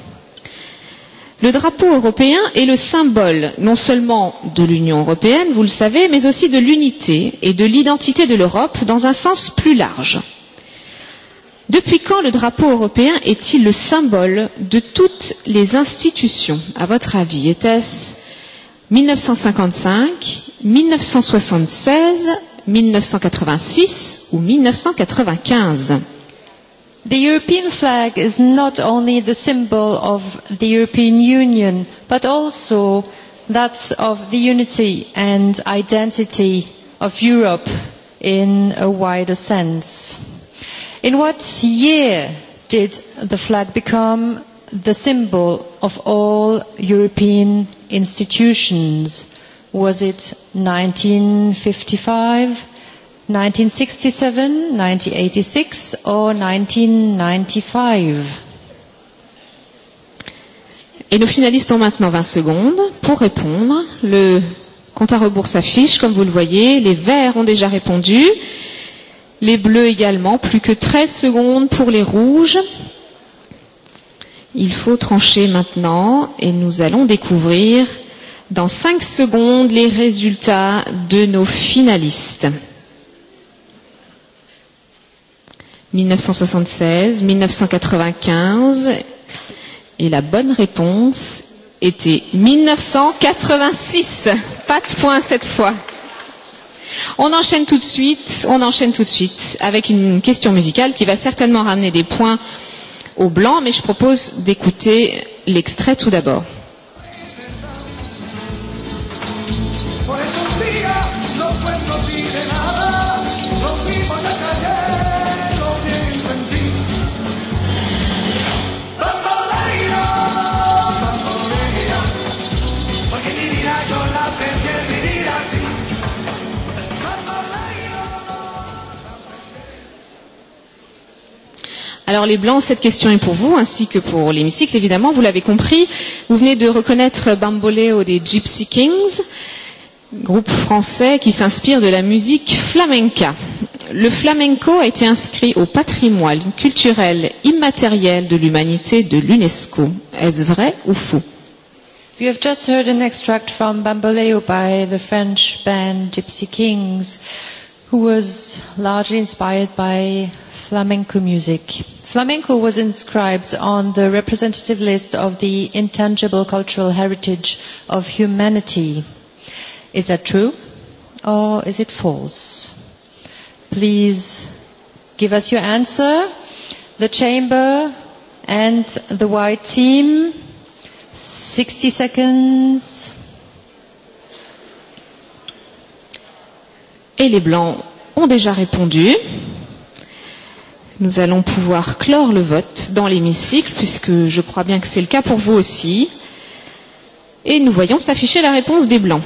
Le drapeau européen est le symbole non seulement de l'Union européenne, vous le savez, mais aussi de l'unité et de l'identité de l'Europe dans un sens plus large. Depuis quand le drapeau européen est-il le symbole de toutes les institutions, à votre avis Était-ce 1955, 1976, 1986 ou 1995 The European flag is not only the symbol of the European Union, but also that of the unity and identity of Europe in a wider sense. In what year did the flag become the symbol of all European institutions? Was it 1955, 1967, 1986 or 1995? Et nos finalistes ont maintenant 20 secondes pour répondre. Le compte à rebours s'affiche, comme vous le voyez. Les verts ont déjà répondu. Les bleus également. Plus que 13 secondes pour les rouges. Il faut trancher maintenant et nous allons découvrir dans 5 secondes les résultats de nos finalistes. 1976, 1995 et la bonne réponse était 1986. Pas de points cette fois. On enchaîne tout de suite, on enchaîne tout de suite avec une question musicale qui va certainement ramener des points au blanc, mais je propose d'écouter l'extrait tout d'abord. Alors les Blancs, cette question est pour vous, ainsi que pour l'hémicycle, évidemment, vous l'avez compris. Vous venez de reconnaître Bamboleo des Gypsy Kings, groupe français qui s'inspire de la musique flamenca. Le flamenco a été inscrit au patrimoine culturel immatériel de l'humanité de l'UNESCO. Est-ce vrai ou faux You have just heard an extract from Bamboleo by the French band Gypsy Kings, who was largely inspired by flamenco music. Flamenco was inscribed on the representative list of the intangible cultural heritage of humanity. Is that true or is it false? Please give us your answer. The chamber and the white team. 60 seconds. Et les blancs ont déjà répondu. Nous allons pouvoir clore le vote dans l'hémicycle, puisque je crois bien que c'est le cas pour vous aussi. Et nous voyons s'afficher la réponse des Blancs.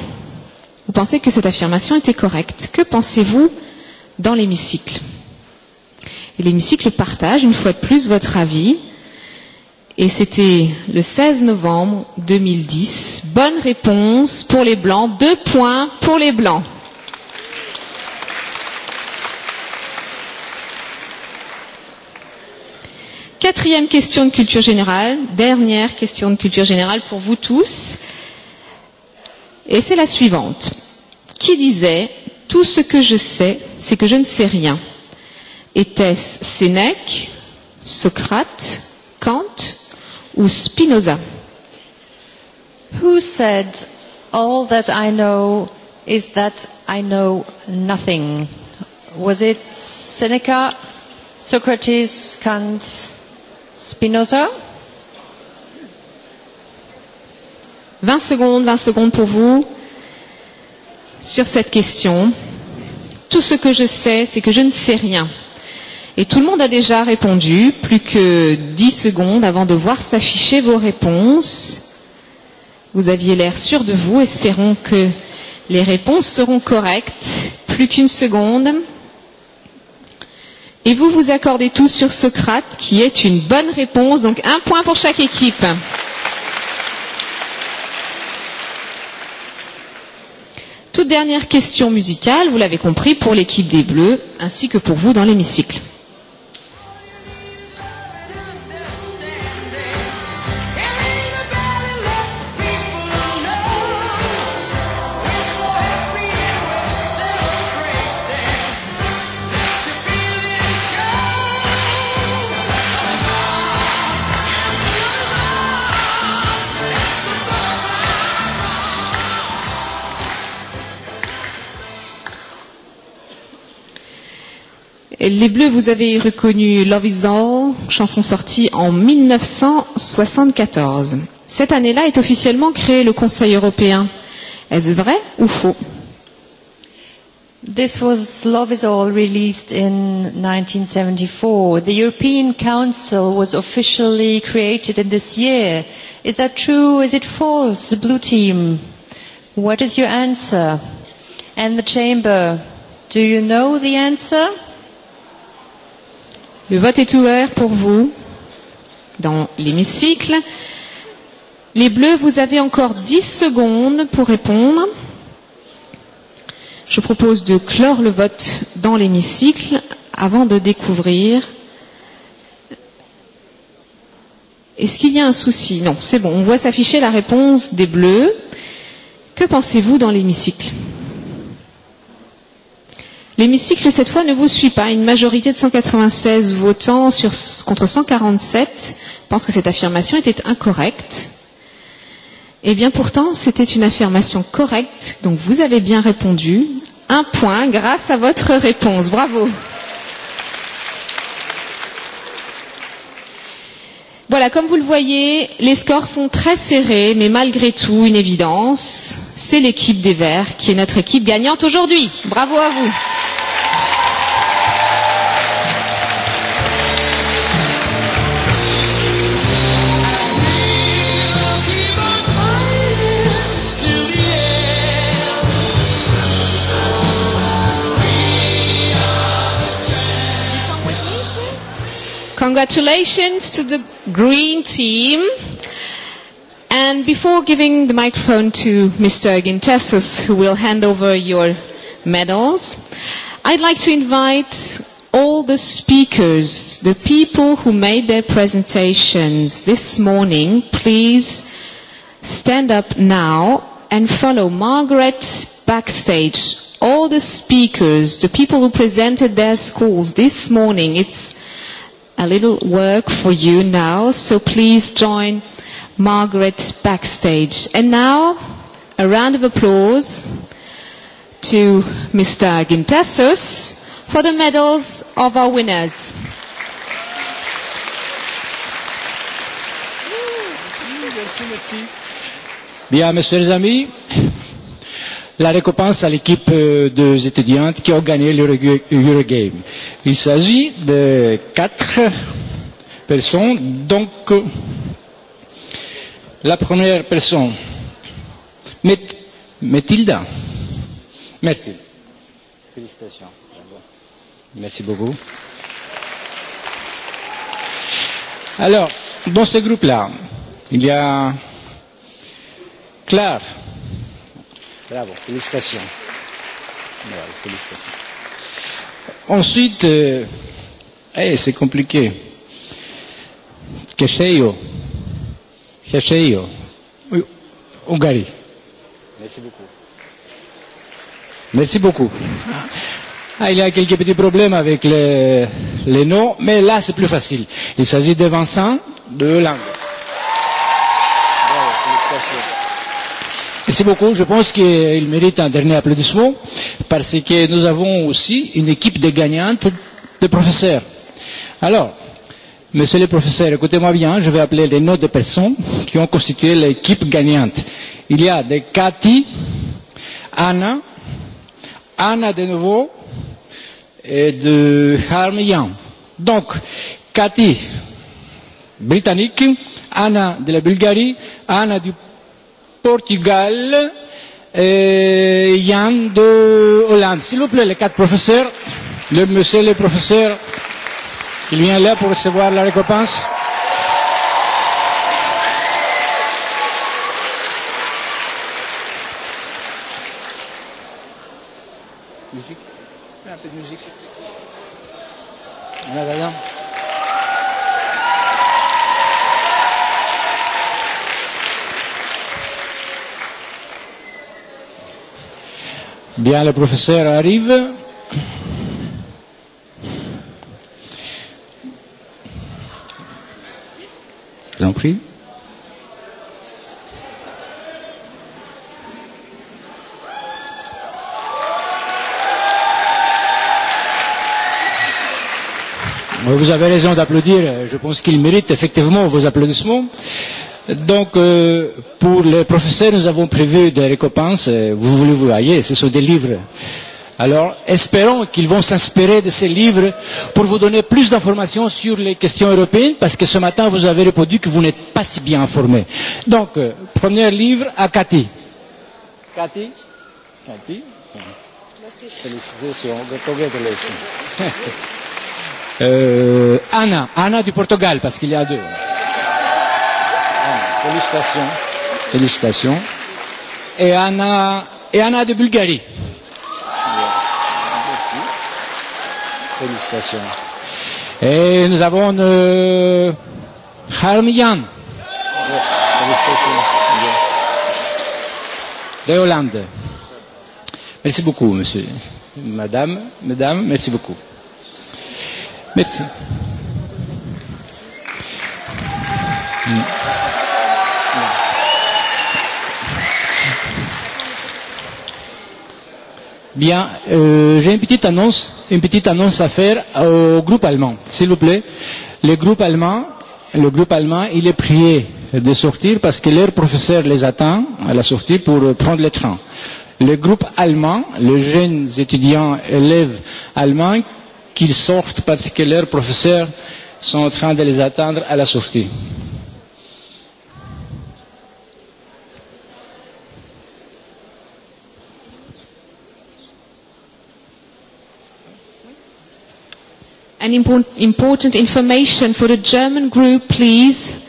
Vous pensez que cette affirmation était correcte. Que pensez-vous dans l'hémicycle l'hémicycle partage une fois de plus votre avis. Et c'était le 16 novembre 2010. Bonne réponse pour les Blancs. Deux points pour les Blancs. Quatrième question de culture générale, dernière question de culture générale pour vous tous. Et c'est la suivante. Qui disait Tout ce que je sais, c'est que je ne sais rien Était-ce Sénèque, Socrate, Kant ou Spinoza Who said All that I know is that I know nothing Was it Seneca, Socrates, Kant Spinoza. 20 secondes, 20 secondes pour vous sur cette question. Tout ce que je sais, c'est que je ne sais rien. Et tout le monde a déjà répondu, plus que 10 secondes avant de voir s'afficher vos réponses. Vous aviez l'air sûr de vous, espérons que les réponses seront correctes. Plus qu'une seconde. Et vous vous accordez tous sur Socrate, qui est une bonne réponse. Donc un point pour chaque équipe. Toute dernière question musicale, vous l'avez compris, pour l'équipe des Bleus, ainsi que pour vous dans l'hémicycle. Bleus, vous avez reconnu Love is All, chanson sortie en 1974. Cette année-là est officiellement créé le Conseil européen. Est-ce vrai ou faux This was Love is All released in 1974. The European Council was officially created in this year. Is that true? Is it false? The blue team. What is your answer? And the chamber. Do you know the answer? Le vote est ouvert pour vous dans l'hémicycle. Les bleus, vous avez encore 10 secondes pour répondre. Je propose de clore le vote dans l'hémicycle avant de découvrir. Est-ce qu'il y a un souci Non, c'est bon. On voit s'afficher la réponse des bleus. Que pensez-vous dans l'hémicycle L'hémicycle, cette fois, ne vous suit pas. Une majorité de 196 votants sur, contre 147 pense que cette affirmation était incorrecte. Eh bien, pourtant, c'était une affirmation correcte, donc vous avez bien répondu. Un point grâce à votre réponse. Bravo. Voilà, comme vous le voyez, les scores sont très serrés, mais malgré tout, une évidence, c'est l'équipe des Verts qui est notre équipe gagnante aujourd'hui. Bravo à vous. Congratulations to the green team. And before giving the microphone to Mr. Gintessus, who will hand over your medals, I'd like to invite all the speakers, the people who made their presentations this morning, please stand up now and follow Margaret backstage. All the speakers, the people who presented their schools this morning, it's a little work for you now, so please join Margaret backstage. And now, a round of applause to Mr. Gintasos for the medals of our winners. Bien, messieurs les amis, la récompense à l'équipe des étudiantes qui ont gagné l'Eurogame. Il s'agit de quatre personnes. Donc, la première personne, Mathilda. Merci. Félicitations. Merci beaucoup. Alors, dans ce groupe-là, il y a Claire. Bravo, félicitations. Bravo, félicitations. Ensuite, euh, hey, c'est compliqué. Cacheio. Cacheio. Hongarie. Merci beaucoup. Merci beaucoup. Ah, il y a quelques petits problèmes avec les, les noms, mais là c'est plus facile. Il s'agit de Vincent de Langue. Merci beaucoup. Je pense qu'il mérite un dernier applaudissement parce que nous avons aussi une équipe de gagnantes de professeurs. Alors, monsieur le professeur, écoutez-moi bien, je vais appeler les noms de personnes qui ont constitué l'équipe gagnante. Il y a des Cathy, Anna, Anna de nouveau et de Harmian. Donc, Cathy, britannique, Anna de la Bulgarie, Anna du Portugal et Yann de Hollande. S'il vous plaît, les quatre professeurs, le monsieur le professeur, il vient là pour recevoir la récompense. Musique. Un peu de musique. Bien, le professeur arrive. vous en prie. Vous avez raison d'applaudir. Je pense qu'il mérite effectivement vos applaudissements. Donc, pour les professeurs, nous avons prévu des récompenses. Vous voulez vous voyez, ce sont des livres. Alors, espérons qu'ils vont s'inspirer de ces livres pour vous donner plus d'informations sur les questions européennes, parce que ce matin, vous avez répondu que vous n'êtes pas si bien informé. Donc, premier livre à Cathy. Cathy Cathy Félicitations. Anna. Anna du Portugal, parce qu'il y a deux. Félicitations. Félicitations. Et Anna, et Anna de Bulgarie. Merci. Félicitations. Et nous avons euh, Harmian. Félicitations. De Hollande. Merci beaucoup, monsieur. Madame, mesdames, merci beaucoup. Merci. Bien, j'ai une petite annonce, une petite annonce à faire au groupe allemand, s'il vous plaît. Le groupe allemand, le groupe allemand, il est prié de sortir parce que leur professeur les attend à la sortie pour prendre le train. Le groupe allemand, les jeunes étudiants, élèves allemands, qu'ils sortent parce que leurs professeurs sont en train de les attendre à la sortie. and important information for the German group, please.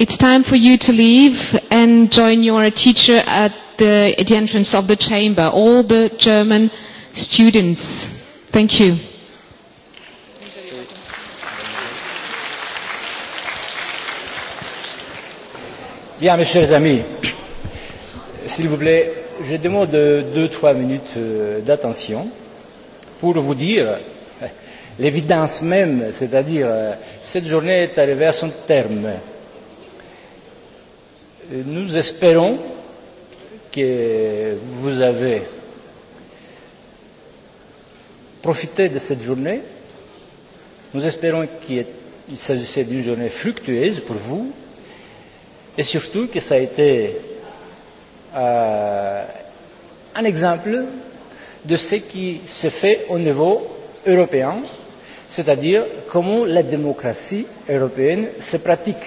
It's time for you to leave and join your teacher at the entrance of the chamber, all the German students. Thank you. Bien, mes chers amis, s'il vous plaît, je demande deux, trois minutes d'attention pour vous dire l'évidence même, c'est-à-dire cette journée est arrivée à son terme. Nous espérons que vous avez profité de cette journée. Nous espérons qu'il s'agissait d'une journée fructueuse pour vous et surtout que ça a été un exemple de ce qui se fait au niveau européen c'est-à-dire comment la démocratie européenne se pratique.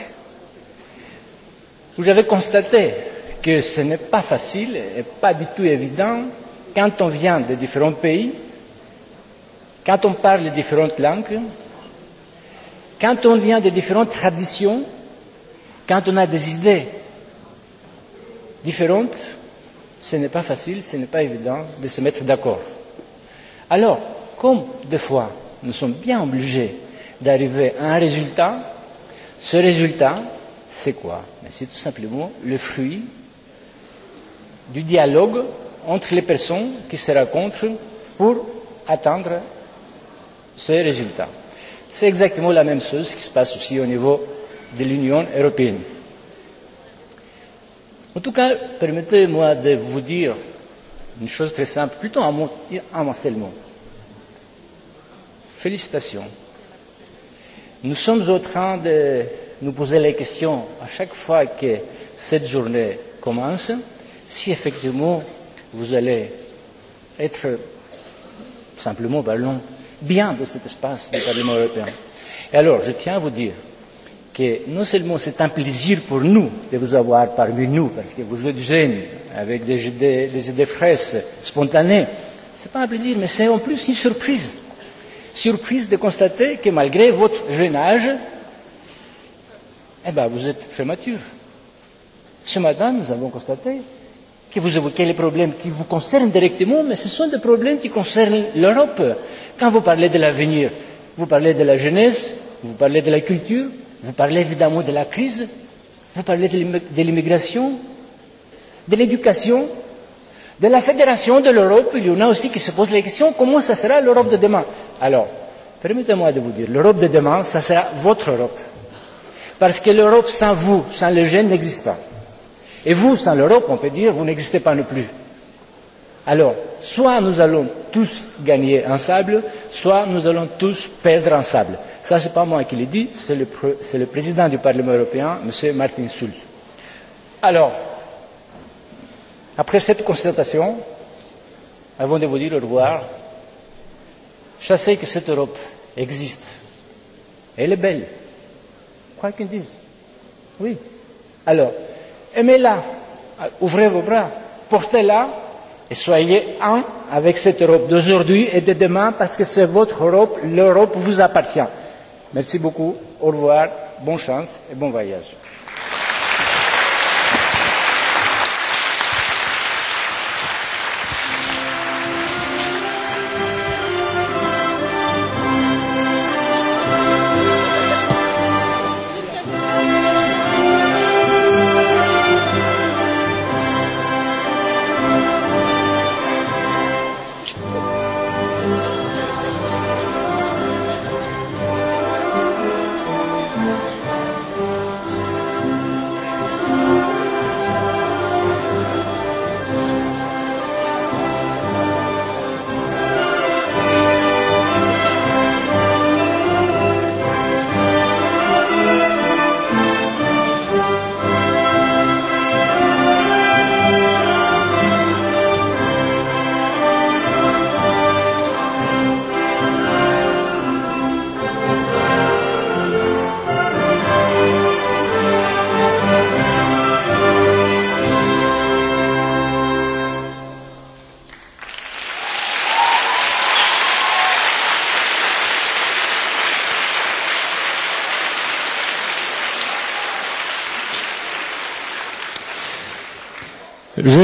Vous avez constaté que ce n'est pas facile et pas du tout évident quand on vient de différents pays, quand on parle différentes langues, quand on vient de différentes traditions, quand on a des idées différentes, ce n'est pas facile, ce n'est pas évident de se mettre d'accord. Alors, comme des fois nous sommes bien obligés d'arriver à un résultat. Ce résultat, c'est quoi C'est tout simplement le fruit du dialogue entre les personnes qui se rencontrent pour atteindre ce résultat. C'est exactement la même chose qui se passe aussi au niveau de l'Union européenne. En tout cas, permettez-moi de vous dire une chose très simple, plutôt un mot, un seul Félicitations. Nous sommes en train de nous poser la question à chaque fois que cette journée commence, si effectivement vous allez être, simplement ballon bien de cet espace du Parlement européen. Et alors, je tiens à vous dire que non seulement c'est un plaisir pour nous de vous avoir parmi nous, parce que vous êtes jeunes, avec des idées, des idées fraîches, spontanées, n'est pas un plaisir, mais c'est en plus une surprise surprise de constater que malgré votre jeune âge, eh ben, vous êtes très mature. Ce matin, nous avons constaté que vous évoquez les problèmes qui vous concernent directement, mais ce sont des problèmes qui concernent l'Europe. Quand vous parlez de l'avenir, vous parlez de la jeunesse, vous parlez de la culture, vous parlez évidemment de la crise, vous parlez de l'immigration, de l'éducation, De la fédération de l'Europe, il y en a aussi qui se posent la question comment ça sera l'Europe de demain Alors, permettez-moi de vous dire, l'Europe de demain, ça sera votre Europe. Parce que l'Europe sans vous, sans le jeunes, n'existe pas. Et vous, sans l'Europe, on peut dire, vous n'existez pas non plus. Alors, soit nous allons tous gagner en sable, soit nous allons tous perdre en sable. Ça, ce n'est pas moi qui le dis, c'est le, le président du Parlement européen, M. Martin Schulz. Alors, Après cette constatation, avant de vous dire au revoir, je sais que cette Europe existe. Elle est belle. Quoi qu'ils disent. Oui. Alors, aimez-la. Ouvrez vos bras. Portez-la. Et soyez un avec cette Europe d'aujourd'hui et de demain parce que c'est votre Europe. L'Europe vous appartient. Merci beaucoup. Au revoir. Bonne chance et bon voyage.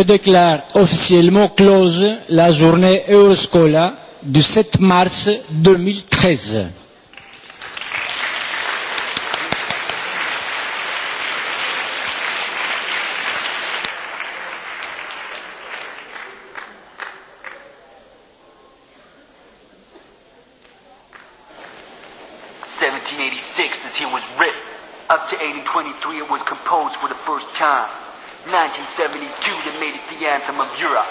déclare officiellement close la journée Euroscola du 7 mars 2013. 1786 was Up to 1823, it was composed for the first time. 1972 they made it the anthem of Europe.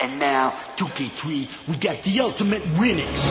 And now, 2K3, we got the ultimate winners.